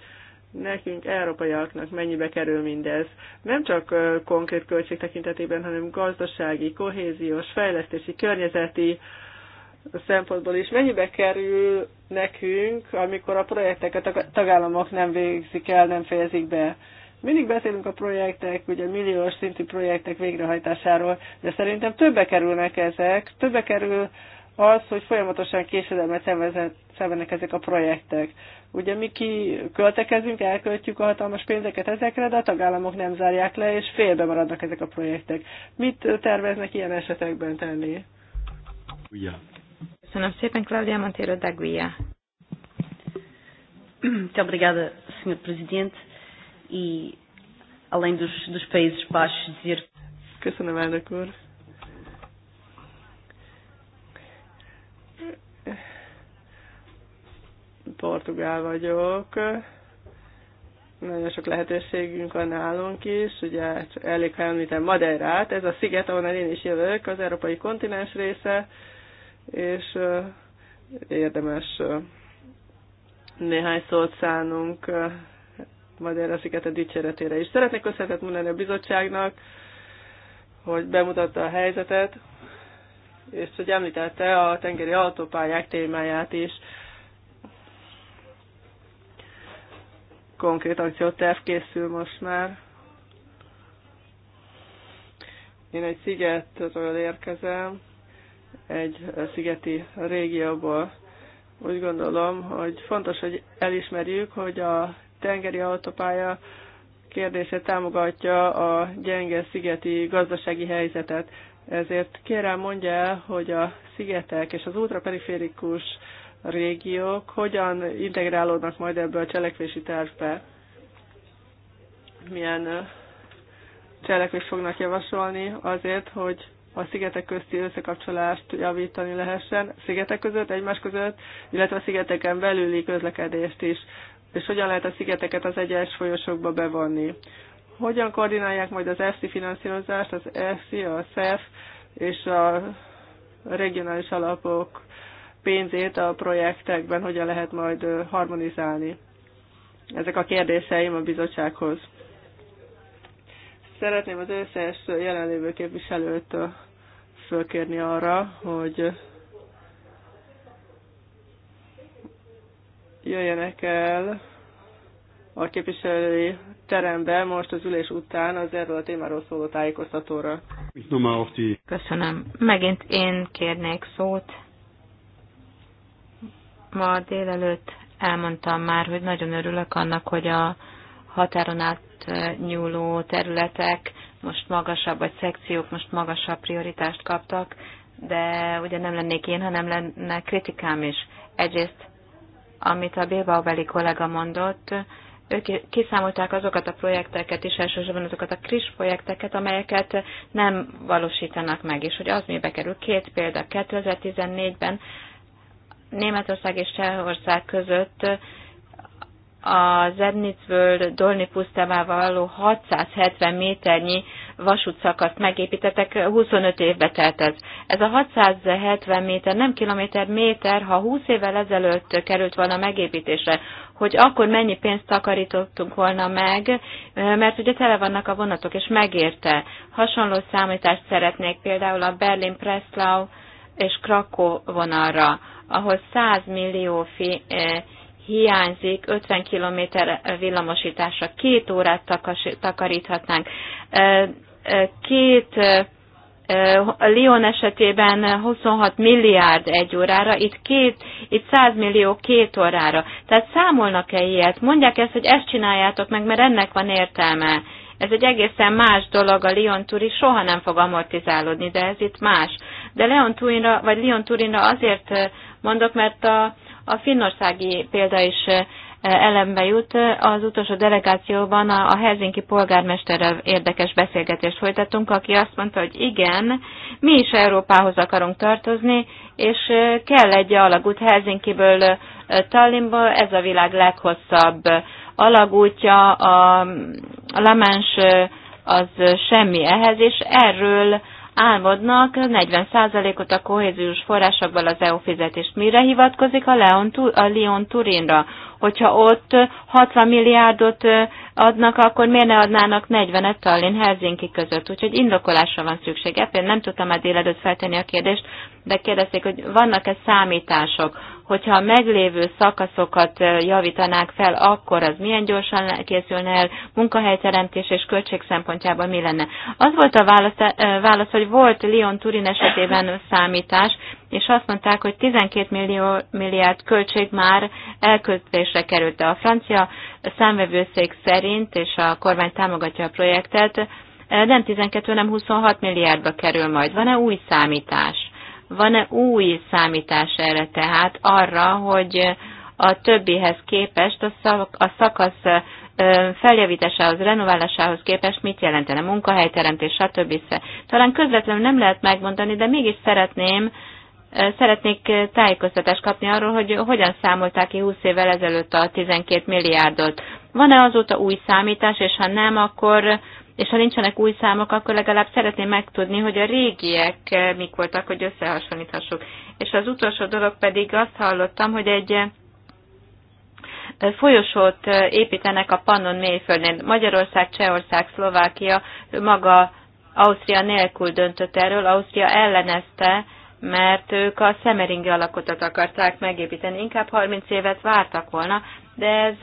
nekünk, európaiaknak mennyibe kerül mindez. Nem csak konkrét költség tekintetében, hanem gazdasági, kohéziós, fejlesztési, környezeti szempontból is. Mennyibe kerül nekünk, amikor a projekteket a tagállamok nem végzik el, nem fejezik be? Mindig beszélünk a projektek, ugye milliós szintű projektek végrehajtásáról, de szerintem többe kerülnek ezek, többe kerül az, hogy folyamatosan késedelmet szenvednek ezek a projektek. Ugye mi ki költekezünk, elköltjük a hatalmas pénzeket ezekre, de a tagállamok nem zárják le, és félbe maradnak ezek a projektek. Mit terveznek ilyen esetekben tenni? Ugye. Köszönöm szépen, Claudia Monteiro da Guia. Muito obrigada, Sr. Presidente e, além dos, dos Países Baixos, dizer. Köszönöm, elnök úr. Portugál vagyok. Nagyon sok lehetőségünk van nálunk is. Ugye elég, ha említem Madeirát, ez a sziget, ahonnan én is jövök, az európai kontinens része, és uh, érdemes uh, néhány szót szánunk uh, Madeira a dicséretére is. Szeretnék köszönetet mondani a bizottságnak, hogy bemutatta a helyzetet, és hogy említette a tengeri autópályák témáját is. Konkrét akcióterv készül most már. Én egy szigetről érkezem, egy szigeti régióból. Úgy gondolom, hogy fontos, hogy elismerjük, hogy a tengeri autópálya kérdése támogatja a gyenge szigeti gazdasági helyzetet. Ezért kérem mondja el, hogy a szigetek és az ultraperiférikus régiók hogyan integrálódnak majd ebbe a cselekvési tervbe, milyen cselekvés fognak javasolni azért, hogy a szigetek közti összekapcsolást javítani lehessen, szigetek között, egymás között, illetve a szigeteken belüli közlekedést is és hogyan lehet a szigeteket az egyes folyosókba bevonni. Hogyan koordinálják majd az EFSI finanszírozást, az EFSI, a SEF és a regionális alapok pénzét a projektekben, hogyan lehet majd harmonizálni. Ezek a kérdéseim a bizottsághoz. Szeretném az összes jelenlévő képviselőt fölkérni arra, hogy jöjjenek el a képviselői terembe most az ülés után az erről a témáról szóló tájékoztatóra. Köszönöm. Megint én kérnék szót. Ma délelőtt elmondtam már, hogy nagyon örülök annak, hogy a határon át nyúló területek most magasabb, vagy szekciók most magasabb prioritást kaptak, de ugye nem lennék én, hanem lenne kritikám is. Egyrészt amit a Bilbaobeli kollega mondott, ők kiszámolták azokat a projekteket is, elsősorban azokat a kris projekteket, amelyeket nem valósítanak meg, és hogy az mibe kerül. Két példa. 2014-ben Németország és Csehország között a Ednicből Dolni pusztávával való 670 méternyi vasútszakaszt megépítettek, 25 évbe telt ez. Ez a 670 méter, nem kilométer, méter, ha 20 évvel ezelőtt került volna megépítésre, hogy akkor mennyi pénzt takarítottunk volna meg, mert ugye tele vannak a vonatok, és megérte. Hasonló számítást szeretnék például a berlin preslau és Krakó vonalra, ahol 100 millió fi, eh, hiányzik 50 km villamosításra. Két órát takaríthatnánk. Két Lyon esetében 26 milliárd egy órára, itt, két, itt 100 millió két órára. Tehát számolnak-e ilyet? Mondják ezt, hogy ezt csináljátok meg, mert ennek van értelme. Ez egy egészen más dolog, a Lyon Turi soha nem fog amortizálódni, de ez itt más. De Leon Turinra, vagy Lyon Turinra azért mondok, mert a, a finnországi példa is elembe jut. Az utolsó delegációban a Helsinki polgármesterrel érdekes beszélgetést folytattunk, aki azt mondta, hogy igen, mi is Európához akarunk tartozni, és kell egy alagút Helsinkiből Tallinnba, ez a világ leghosszabb alagútja, a Lamens az semmi ehhez, és erről álmodnak 40%-ot a kohéziós forrásokból az EU fizetést. Mire hivatkozik a Leon, a Lyon Turinra? Hogyha ott 60 milliárdot adnak, akkor miért ne adnának 40-et Tallinn Helsinki között? Úgyhogy indokolásra van szükség. Én nem tudtam már délelőtt feltenni a kérdést, de kérdezték, hogy vannak-e számítások, hogyha a meglévő szakaszokat javítanák fel, akkor az milyen gyorsan készülne el, munkahelyteremtés és költség szempontjában mi lenne. Az volt a válasz, válasz hogy volt Lyon Turin esetében számítás, és azt mondták, hogy 12 millió, milliárd költség már elköltésre került. De a francia számvevőszék szerint, és a kormány támogatja a projektet, nem 12, nem 26 milliárdba kerül majd. Van-e új számítás? Van-e új számítás erre tehát arra, hogy a többihez képest a, a szakasz feljavításához, renoválásához képest mit jelentene munkahelyteremtés, stb. Talán közvetlenül nem lehet megmondani, de mégis szeretném, Szeretnék tájékoztatást kapni arról, hogy hogyan számolták ki 20 évvel ezelőtt a 12 milliárdot. Van-e azóta új számítás, és ha nem, akkor és ha nincsenek új számok, akkor legalább szeretném megtudni, hogy a régiek mik voltak, hogy összehasonlíthassuk. És az utolsó dolog pedig azt hallottam, hogy egy eh, folyosót eh, építenek a Pannon mélyföldén. Magyarország, Csehország, Szlovákia maga Ausztria nélkül döntött erről, Ausztria ellenezte, mert ők a szemeringi alakotat akarták megépíteni. Inkább 30 évet vártak volna, de ez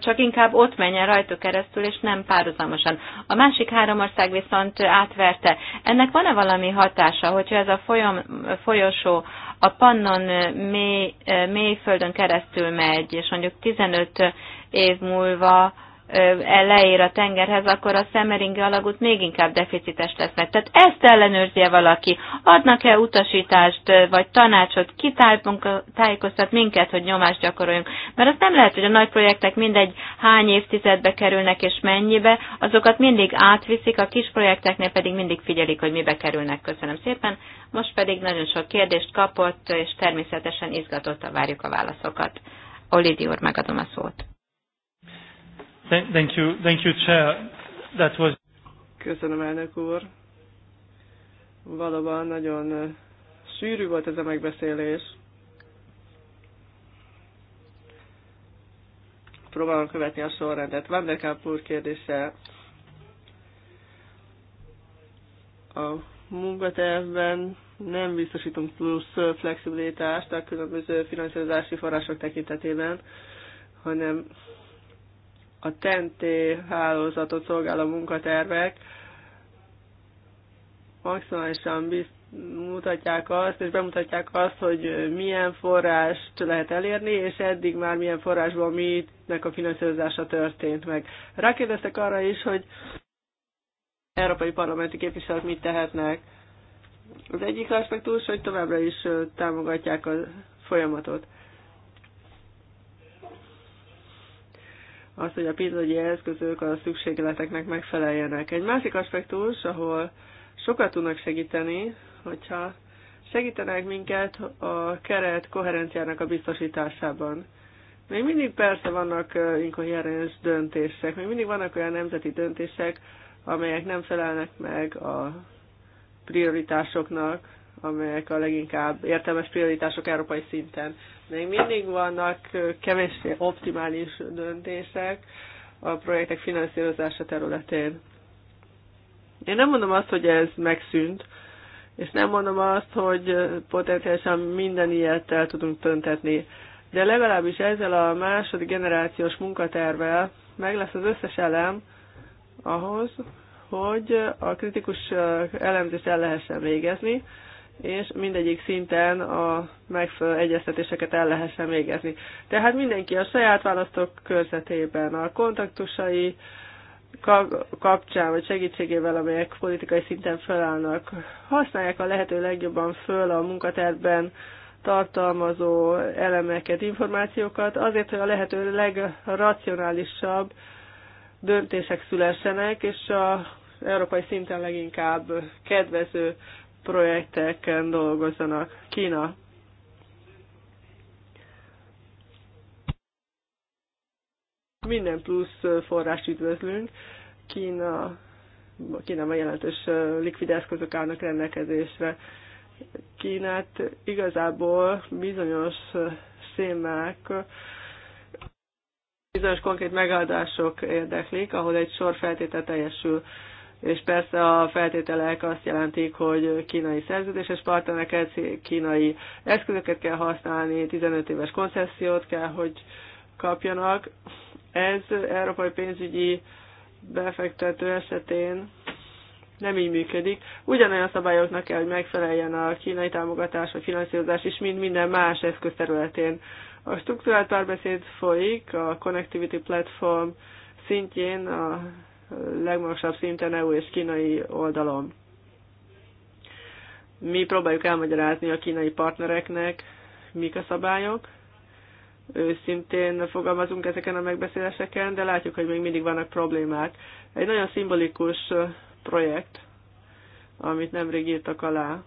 csak inkább ott menjen rajtuk keresztül, és nem párhuzamosan. A másik három ország viszont átverte. Ennek van-e valami hatása, hogyha ez a folyam, folyosó a pannon mély, mélyföldön keresztül megy, és mondjuk 15 év múlva leér a tengerhez, akkor a szemeringi alagút még inkább deficites lesz meg. Tehát ezt ellenőrzi-e valaki? Adnak-e utasítást vagy tanácsot? Ki tájékoztat minket, hogy nyomást gyakoroljunk? Mert azt nem lehet, hogy a nagy projektek mindegy hány évtizedbe kerülnek és mennyibe, azokat mindig átviszik, a kis projekteknél pedig mindig figyelik, hogy mibe kerülnek. Köszönöm szépen. Most pedig nagyon sok kérdést kapott, és természetesen izgatottan várjuk a válaszokat. Olidi úr, megadom a szót. Thank you, thank you, Chair. That was... Köszönöm, elnök úr. Valóban nagyon sűrű volt ez a megbeszélés. Próbálom követni a sorrendet. Van de Kamp úr kérdése. A munkatervben nem biztosítunk plusz flexibilitást a különböző finanszírozási források tekintetében, hanem a TNT hálózatot szolgáló munkatervek maximálisan bizt, mutatják azt, és bemutatják azt, hogy milyen forrást lehet elérni, és eddig már milyen forrásból minek a finanszírozása történt meg. Rákérdeztek arra is, hogy európai parlamenti képviselők mit tehetnek. Az egyik aspektus, hogy továbbra is támogatják a folyamatot. az, hogy a pénzügyi eszközök a szükségleteknek megfeleljenek. Egy másik aspektus, ahol sokat tudnak segíteni, hogyha segítenek minket a keret koherenciának a biztosításában. Még mindig persze vannak inkoherens döntések, még mindig vannak olyan nemzeti döntések, amelyek nem felelnek meg a prioritásoknak, amelyek a leginkább értelmes prioritások európai szinten. Még mindig vannak kevésbé optimális döntések a projektek finanszírozása területén. Én nem mondom azt, hogy ez megszűnt, és nem mondom azt, hogy potenciálisan minden ilyet el tudunk töntetni, de legalábbis ezzel a második generációs munkatervel meg lesz az összes elem ahhoz, hogy a kritikus elemzést el lehessen végezni, és mindegyik szinten a megfelelő egyeztetéseket el lehessen végezni. Tehát mindenki a saját választók körzetében, a kontaktusai kapcsán vagy segítségével, amelyek politikai szinten felállnak, használják a lehető legjobban föl a munkaterben tartalmazó elemeket, információkat, azért, hogy a lehető legracionálisabb döntések szülessenek, és a európai szinten leginkább kedvező projekteken dolgozzanak. Kína. Minden plusz forrást üdvözlünk. Kína, Kínában jelentős likvid eszközök állnak rendelkezésre. Kínát igazából bizonyos szémák, bizonyos konkrét megáldások érdeklik, ahol egy sor feltétel teljesül és persze a feltételek azt jelentik, hogy kínai szerződéses partnereket, kínai eszközöket kell használni, 15 éves koncesziót kell, hogy kapjanak. Ez európai pénzügyi befektető esetén nem így működik. Ugyanolyan szabályoknak kell, hogy megfeleljen a kínai támogatás vagy finanszírozás is, mint minden más eszközterületén. A struktúrált párbeszéd folyik, a Connectivity Platform szintjén a legmagasabb szinten EU és kínai oldalon. Mi próbáljuk elmagyarázni a kínai partnereknek, mik a szabályok. Őszintén fogalmazunk ezeken a megbeszéléseken, de látjuk, hogy még mindig vannak problémák. Egy nagyon szimbolikus projekt, amit nemrég írtak alá,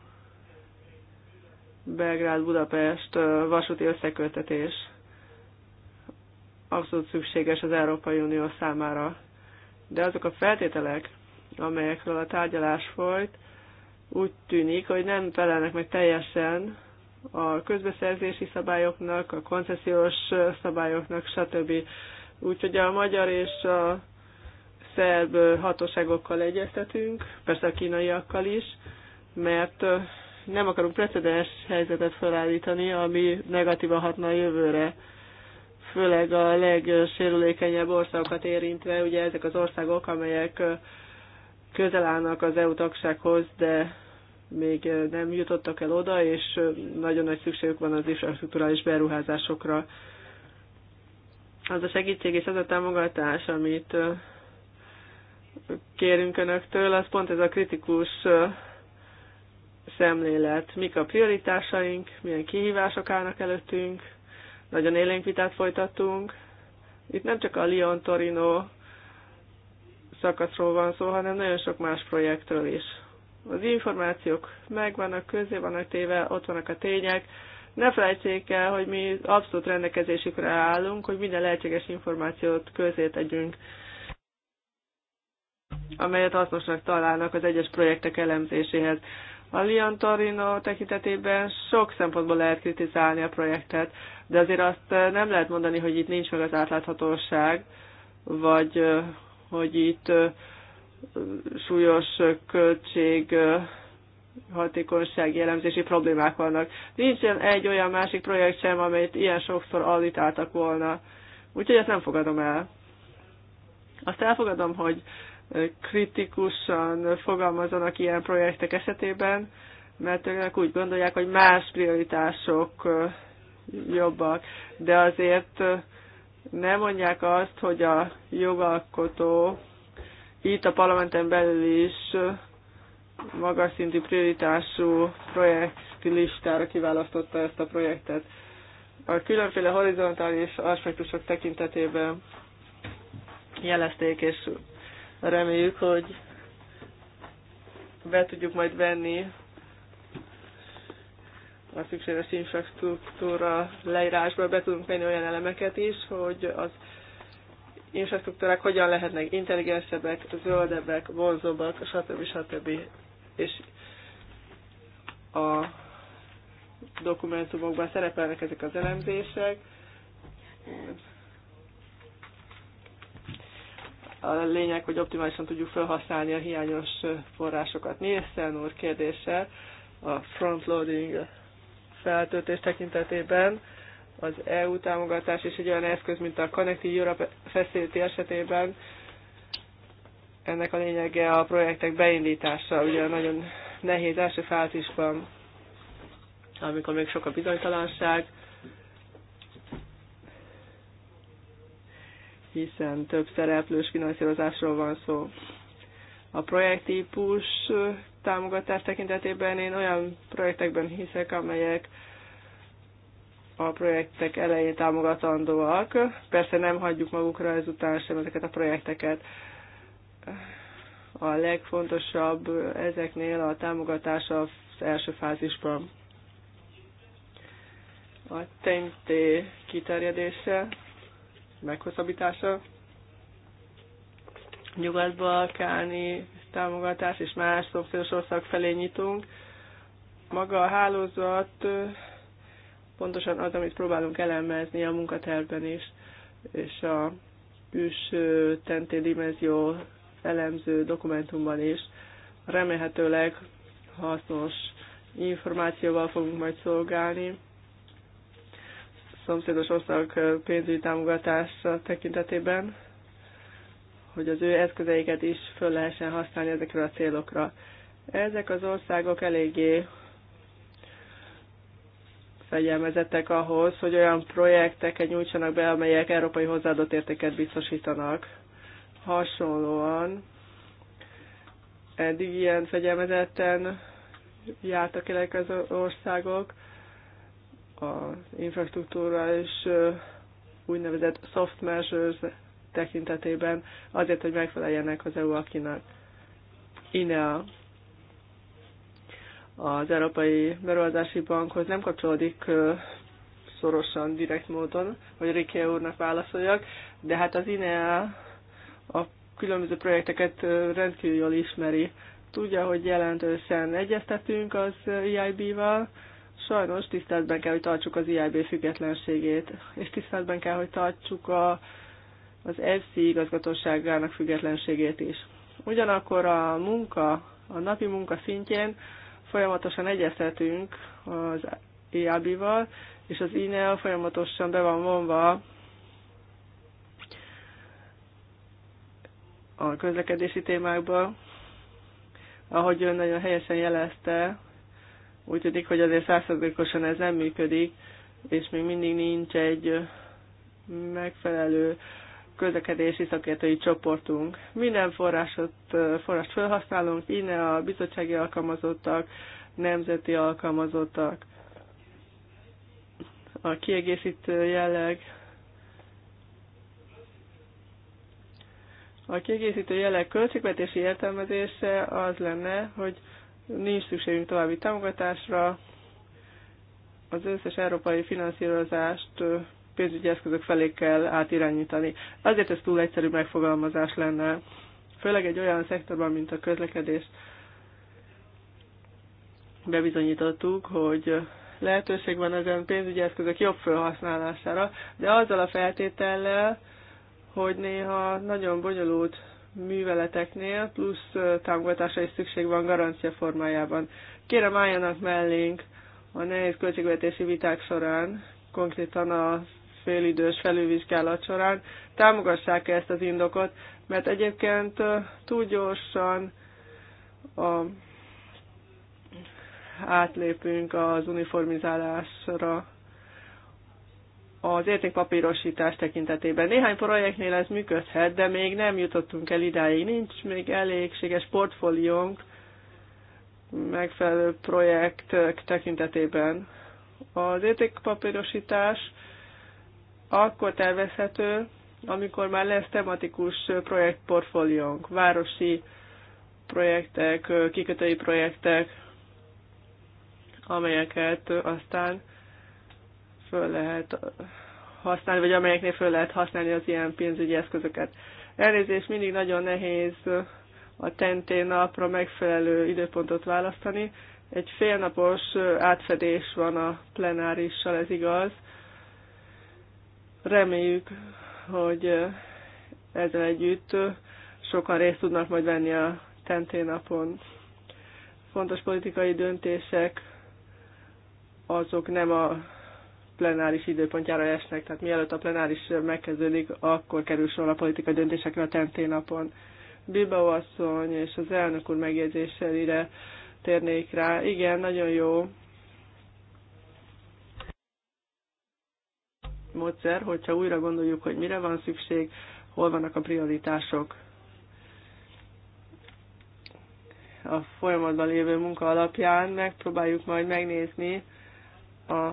Belgrád-Budapest vasúti összeköltetés. abszolút szükséges az Európai Unió számára de azok a feltételek, amelyekről a tárgyalás folyt, úgy tűnik, hogy nem felelnek meg teljesen a közbeszerzési szabályoknak, a koncesziós szabályoknak, stb. Úgyhogy a magyar és a szerb hatóságokkal egyeztetünk, persze a kínaiakkal is, mert nem akarunk precedens helyzetet felállítani, ami negatívan hatna a jövőre főleg a legsérülékenyebb országokat érintve, ugye ezek az országok, amelyek közel állnak az EU tagsághoz, de még nem jutottak el oda, és nagyon nagy szükségük van az infrastruktúrális beruházásokra. Az a segítség és az a támogatás, amit kérünk Önöktől, az pont ez a kritikus szemlélet. Mik a prioritásaink, milyen kihívások állnak előttünk, nagyon élénk vitát folytattunk. Itt nem csak a Lyon-Torino szakaszról van szó, hanem nagyon sok más projektről is. Az információk megvannak, közé vannak téve, ott vannak a tények. Ne felejtsék el, hogy mi abszolút rendelkezésükre állunk, hogy minden lehetséges információt közé tegyünk, amelyet hasznosnak találnak az egyes projektek elemzéséhez. A Lyon Torino tekintetében sok szempontból lehet kritizálni a projektet, de azért azt eh, nem lehet mondani, hogy itt nincs meg az átláthatóság, vagy eh, hogy itt eh, súlyos költség hatékonysági elemzési problémák vannak. Nincsen egy olyan másik projekt sem, amelyet ilyen sokszor alitáltak volna. Úgyhogy ezt nem fogadom el. Azt elfogadom, hogy kritikusan fogalmazanak ilyen projektek esetében, mert ők úgy gondolják, hogy más prioritások jobbak, de azért nem mondják azt, hogy a jogalkotó itt a parlamenten belül is magas szintű prioritású projektlistára kiválasztotta ezt a projektet. A különféle horizontális aspektusok tekintetében jelezték, és Reméljük, hogy be tudjuk majd venni a szükséges infrastruktúra leírásba, be tudunk venni olyan elemeket is, hogy az infrastruktúrák hogyan lehetnek intelligensebbek, zöldebbek, vonzóbbak, stb. stb. És a dokumentumokban szerepelnek ezek az elemzések. A lényeg, hogy optimálisan tudjuk felhasználni a hiányos forrásokat. Nielsen úr kérdése a frontloading feltöltés tekintetében az EU támogatás és egy olyan eszköz, mint a Connecting Europe Facility esetében. Ennek a lényege a projektek beindítása, ugye nagyon nehéz első fázisban, amikor még sok a bizonytalanság, hiszen több szereplős finanszírozásról van szó. A projekttípus támogatás tekintetében én olyan projektekben hiszek, amelyek a projektek elején támogatandóak. Persze nem hagyjuk magukra ezután sem ezeket a projekteket. A legfontosabb ezeknél a támogatás az első fázisban. A TNT kiterjedése meghosszabbítása, nyugat-balkáni támogatás és más szomszédos ország felé nyitunk. Maga a hálózat pontosan az, amit próbálunk elemezni a munkatervben is, és a külső tenté dimenzió elemző dokumentumban is. Remélhetőleg hasznos információval fogunk majd szolgálni szomszédos ország pénzügyi támogatása tekintetében, hogy az ő eszközeiket is föl lehessen használni ezekre a célokra. Ezek az országok eléggé fegyelmezettek ahhoz, hogy olyan projekteket nyújtsanak be, amelyek európai hozzáadott értéket biztosítanak. Hasonlóan eddig ilyen fegyelmezetten jártak el az országok, az infrastruktúra és úgynevezett soft measures tekintetében azért, hogy megfeleljenek az EU akinak. INEA az Európai Beruházási Bankhoz nem kapcsolódik szorosan, direkt módon, hogy Riké úrnak válaszoljak, de hát az INEA a különböző projekteket rendkívül jól ismeri. Tudja, hogy jelentősen egyeztetünk az EIB-val, sajnos tiszteletben kell, hogy tartsuk az IAB függetlenségét, és tiszteletben kell, hogy tartsuk a, az FC igazgatóságának függetlenségét is. Ugyanakkor a munka, a napi munka szintjén folyamatosan egyeztetünk az IAB-val, és az INEA folyamatosan be van vonva a közlekedési témákba. Ahogy ön nagyon helyesen jelezte, úgy tűnik, hogy azért százszerzékosan ez nem működik, és még mindig nincs egy megfelelő közlekedési szakértői csoportunk. Minden forrásot, forrást felhasználunk, innen a bizottsági alkalmazottak, nemzeti alkalmazottak, a kiegészítő jelleg, a kiegészítő jelleg költségvetési értelmezése az lenne, hogy nincs szükségünk további támogatásra, az összes európai finanszírozást pénzügyi eszközök felé kell átirányítani. Azért ez túl egyszerű megfogalmazás lenne, főleg egy olyan szektorban, mint a közlekedés. Bebizonyítottuk, hogy lehetőség van ezen pénzügyi eszközök jobb felhasználására, de azzal a feltétellel, hogy néha nagyon bonyolult műveleteknél plusz támogatásra is szükség van garancia formájában. Kérem álljanak mellénk a nehéz költségvetési viták során, konkrétan a félidős felülvizsgálat során, támogassák -e ezt az indokot, mert egyébként túl gyorsan a, átlépünk az uniformizálásra az értékpapírosítás tekintetében. Néhány projektnél ez működhet, de még nem jutottunk el idáig. Nincs még elégséges portfóliónk megfelelő projekt tekintetében. Az értékpapírosítás akkor tervezhető, amikor már lesz tematikus projektportfóliónk, városi projektek, kikötői projektek, amelyeket aztán föl lehet használni, vagy amelyeknél föl lehet használni az ilyen pénzügyi eszközöket. Elnézést mindig nagyon nehéz a tentén napra megfelelő időpontot választani. Egy félnapos átfedés van a plenárissal, ez igaz. Reméljük, hogy ezzel együtt sokan részt tudnak majd venni a tenté napon. Fontos politikai döntések azok nem a plenáris időpontjára esnek, tehát mielőtt a plenáris megkezdődik, akkor kerül sor a politikai döntésekre a TNT napon. Bilbao asszony és az elnök úr ide térnék rá. Igen, nagyon jó módszer, hogyha újra gondoljuk, hogy mire van szükség, hol vannak a prioritások. A folyamatban lévő munka alapján megpróbáljuk majd megnézni a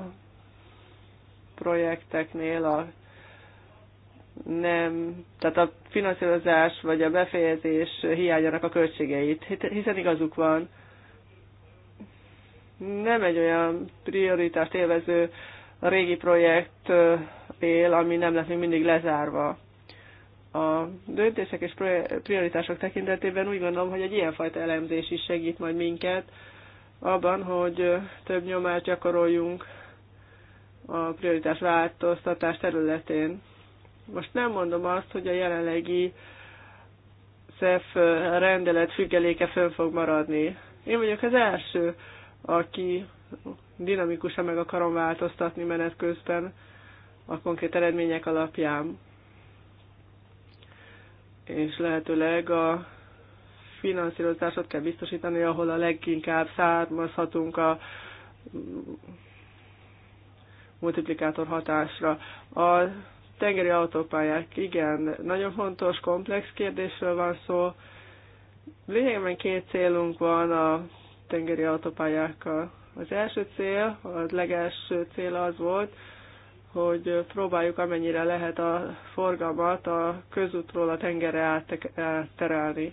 projekteknél a nem, tehát a finanszírozás vagy a befejezés hiányának a költségeit, hiszen igazuk van. Nem egy olyan prioritást élvező a régi projekt él, ami nem lesz még mindig lezárva. A döntések és prioritások tekintetében úgy gondolom, hogy egy ilyenfajta elemzés is segít majd minket abban, hogy több nyomást gyakoroljunk a prioritás változtatás területén. Most nem mondom azt, hogy a jelenlegi CEF rendelet függeléke fönn fog maradni. Én vagyok az első, aki dinamikusan meg akarom változtatni menet közben a konkrét eredmények alapján. És lehetőleg a finanszírozásot kell biztosítani, ahol a leginkább származhatunk a multiplikátor hatásra. A tengeri autópályák, igen, nagyon fontos, komplex kérdésről van szó. Lényegében két célunk van a tengeri autópályákkal. Az első cél, a legelső cél az volt, hogy próbáljuk amennyire lehet a forgalmat a közútról a tengerre átterelni.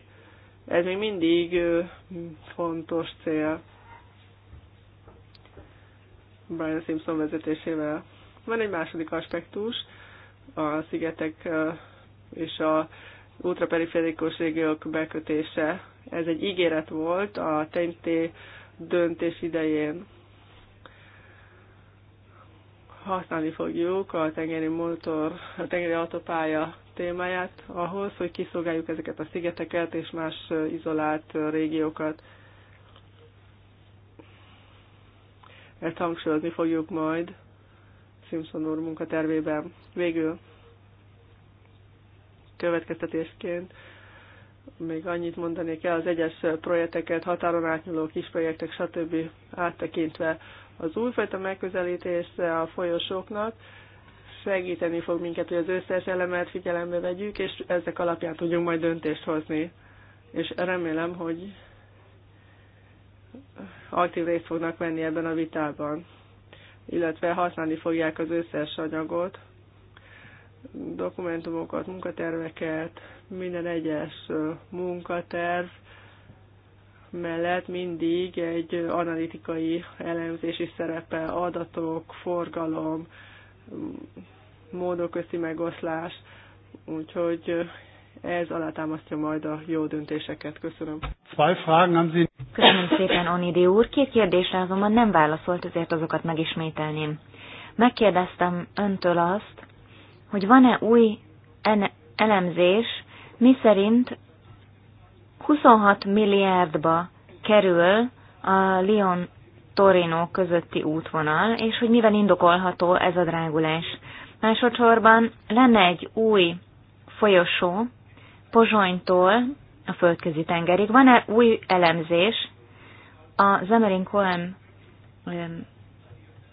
Ez még mindig fontos cél. Brian Simpson vezetésével. Van egy második aspektus, a szigetek és a ultraperiférikus régiók bekötése. Ez egy ígéret volt a TNT döntés idején. Használni fogjuk a tengeri motor, a tengeri autópálya témáját ahhoz, hogy kiszolgáljuk ezeket a szigeteket és más izolált régiókat. Ezt hangsúlyozni fogjuk majd Simpson úr munkatervében. Végül következtetésként még annyit mondanék el, az egyes projekteket, határon átnyúló kis projektek, stb. áttekintve az újfajta megközelítés a folyosóknak segíteni fog minket, hogy az összes elemet figyelembe vegyük, és ezek alapján tudjunk majd döntést hozni. És remélem, hogy aktív részt fognak venni ebben a vitában, illetve használni fogják az összes anyagot, dokumentumokat, munkaterveket, minden egyes munkaterv mellett mindig egy analitikai elemzési szerepe, adatok, forgalom, módoközti megoszlás, úgyhogy ez alátámasztja majd a jó döntéseket. Köszönöm. Köszönöm szépen, Onidi úr. Két kérdésre azonban nem válaszolt, ezért azokat megismételném. Megkérdeztem öntől azt, hogy van-e új elemzés, mi szerint 26 milliárdba kerül a Lyon Torino közötti útvonal, és hogy mivel indokolható ez a drágulás. Másodszorban lenne egy új folyosó, Pozsonytól a földközi tengerig. Van-e új elemzés a Zemerin Koem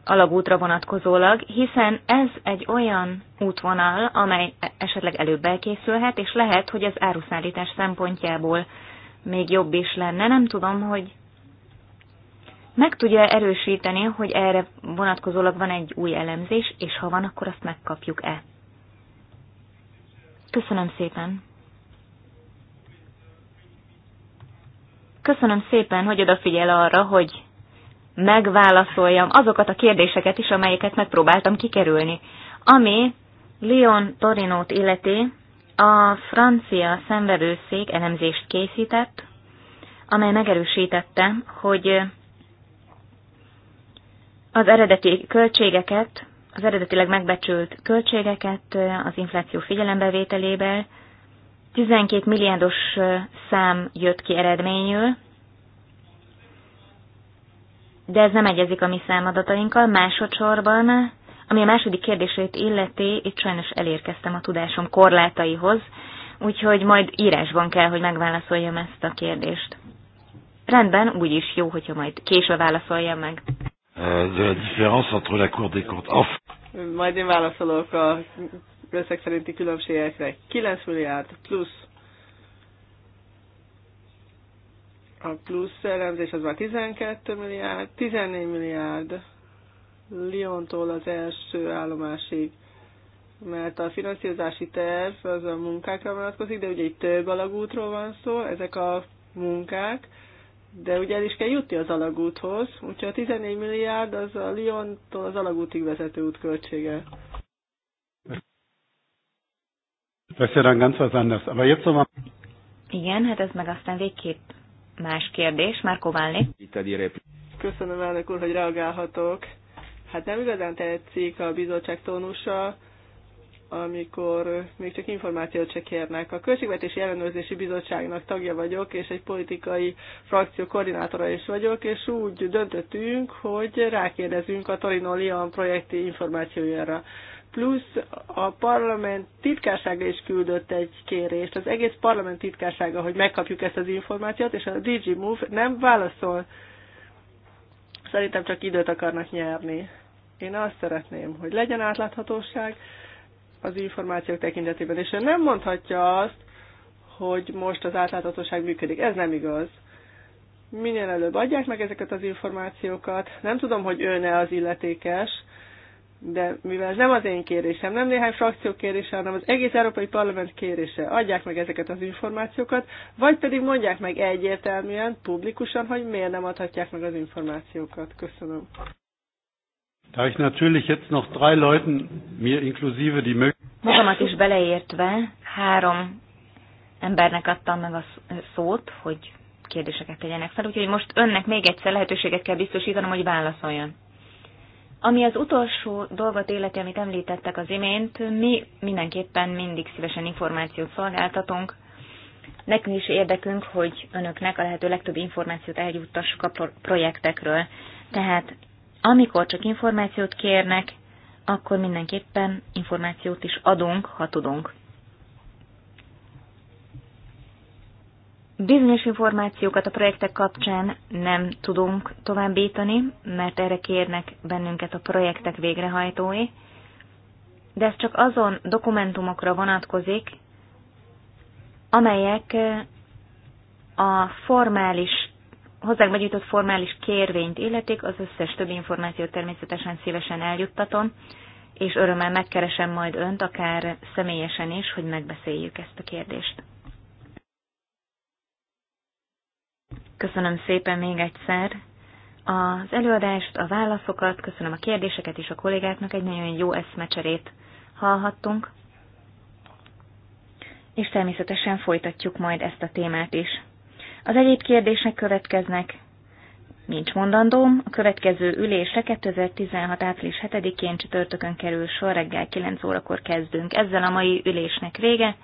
alagútra vonatkozólag, hiszen ez egy olyan útvonal, amely esetleg előbb elkészülhet, és lehet, hogy az áruszállítás szempontjából még jobb is lenne. Nem tudom, hogy meg tudja erősíteni, hogy erre vonatkozólag van egy új elemzés, és ha van, akkor azt megkapjuk-e. Köszönöm szépen. Köszönöm szépen, hogy odafigyel arra, hogy megválaszoljam azokat a kérdéseket is, amelyeket megpróbáltam kikerülni. Ami Leon Torinót illeti, a francia szenvedőszék elemzést készített, amely megerősítette, hogy az eredeti költségeket, az eredetileg megbecsült költségeket az infláció figyelembevételével 12 milliárdos szám jött ki eredményül, de ez nem egyezik a mi számadatainkkal. Másodszorban, ami a második kérdését illeti, itt sajnos elérkeztem a tudásom korlátaihoz, úgyhogy majd írásban kell, hogy megválaszoljam ezt a kérdést. Rendben, úgyis jó, hogyha majd késve válaszoljam meg. Euh, de a différence entre la Cour des comptes. Off. Majd én válaszolok a összeg szerinti különbségekre 9 milliárd plusz a plusz elemzés az már 12 milliárd, 14 milliárd Liontól az első állomásig, mert a finanszírozási terv az a munkákra vonatkozik, de ugye itt több alagútról van szó, ezek a munkák, de ugye el is kell jutni az alagúthoz, úgyhogy a 14 milliárd az a Liontól az alagútig vezető út költsége. Das ist ja dann ganz was anderes. Aber jetzt nochmal. Igen, hát ez meg aztán végképp más kérdés. már Válni. Köszönöm, elnök úr, hogy reagálhatok. Hát nem igazán tetszik a bizottság tónusa, amikor még csak információt se kérnek. A Költségvetési Ellenőrzési Bizottságnak tagja vagyok, és egy politikai frakció koordinátora is vagyok, és úgy döntöttünk, hogy rákérdezünk a Torino Lian projekti információjára plusz a parlament titkársága is küldött egy kérést, az egész parlament titkársága, hogy megkapjuk ezt az információt, és a DG Move nem válaszol. Szerintem csak időt akarnak nyerni. Én azt szeretném, hogy legyen átláthatóság az információk tekintetében, és ő nem mondhatja azt, hogy most az átláthatóság működik. Ez nem igaz minél előbb adják meg ezeket az információkat. Nem tudom, hogy ő ne az illetékes, de mivel ez nem az én kérésem, nem néhány frakció kérése, hanem az egész Európai Parlament kérése, adják meg ezeket az információkat, vagy pedig mondják meg egyértelműen, publikusan, hogy miért nem adhatják meg az információkat. Köszönöm. Da ich natürlich jetzt noch drei Leuten, mir inklusive die Möglichkeit... Magamat is beleértve, három embernek adtam meg a szót, hogy kérdéseket tegyenek fel, úgyhogy most önnek még egyszer lehetőséget kell biztosítanom, hogy válaszoljon. Ami az utolsó dolgot illeti, amit említettek az imént, mi mindenképpen mindig szívesen információt szolgáltatunk. Nekünk is érdekünk, hogy önöknek a lehető legtöbb információt eljuttassuk a projektekről. Tehát amikor csak információt kérnek, akkor mindenképpen információt is adunk, ha tudunk. Bizonyos információkat a projektek kapcsán nem tudunk továbbítani, mert erre kérnek bennünket a projektek végrehajtói, de ez csak azon dokumentumokra vonatkozik, amelyek eh, a formális, hozzánk formális kérvényt illetik, az összes többi információt természetesen szívesen eljuttatom, és örömmel megkeresem majd önt, akár személyesen is, hogy megbeszéljük ezt a kérdést. Köszönöm szépen még egyszer az előadást, a válaszokat, köszönöm a kérdéseket is a kollégáknak egy nagyon jó eszmecserét hallhattunk. És természetesen folytatjuk majd ezt a témát is. Az egyéb kérdések következnek. Nincs mondandóm, a következő ülésre 2016. április 7-én csütörtökön kerül sor, reggel 9 órakor kezdünk. Ezzel a mai ülésnek vége,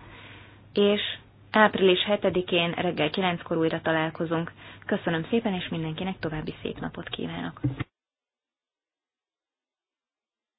és április 7-én reggel 9-kor újra találkozunk. Köszönöm szépen, és mindenkinek további szép napot kívánok!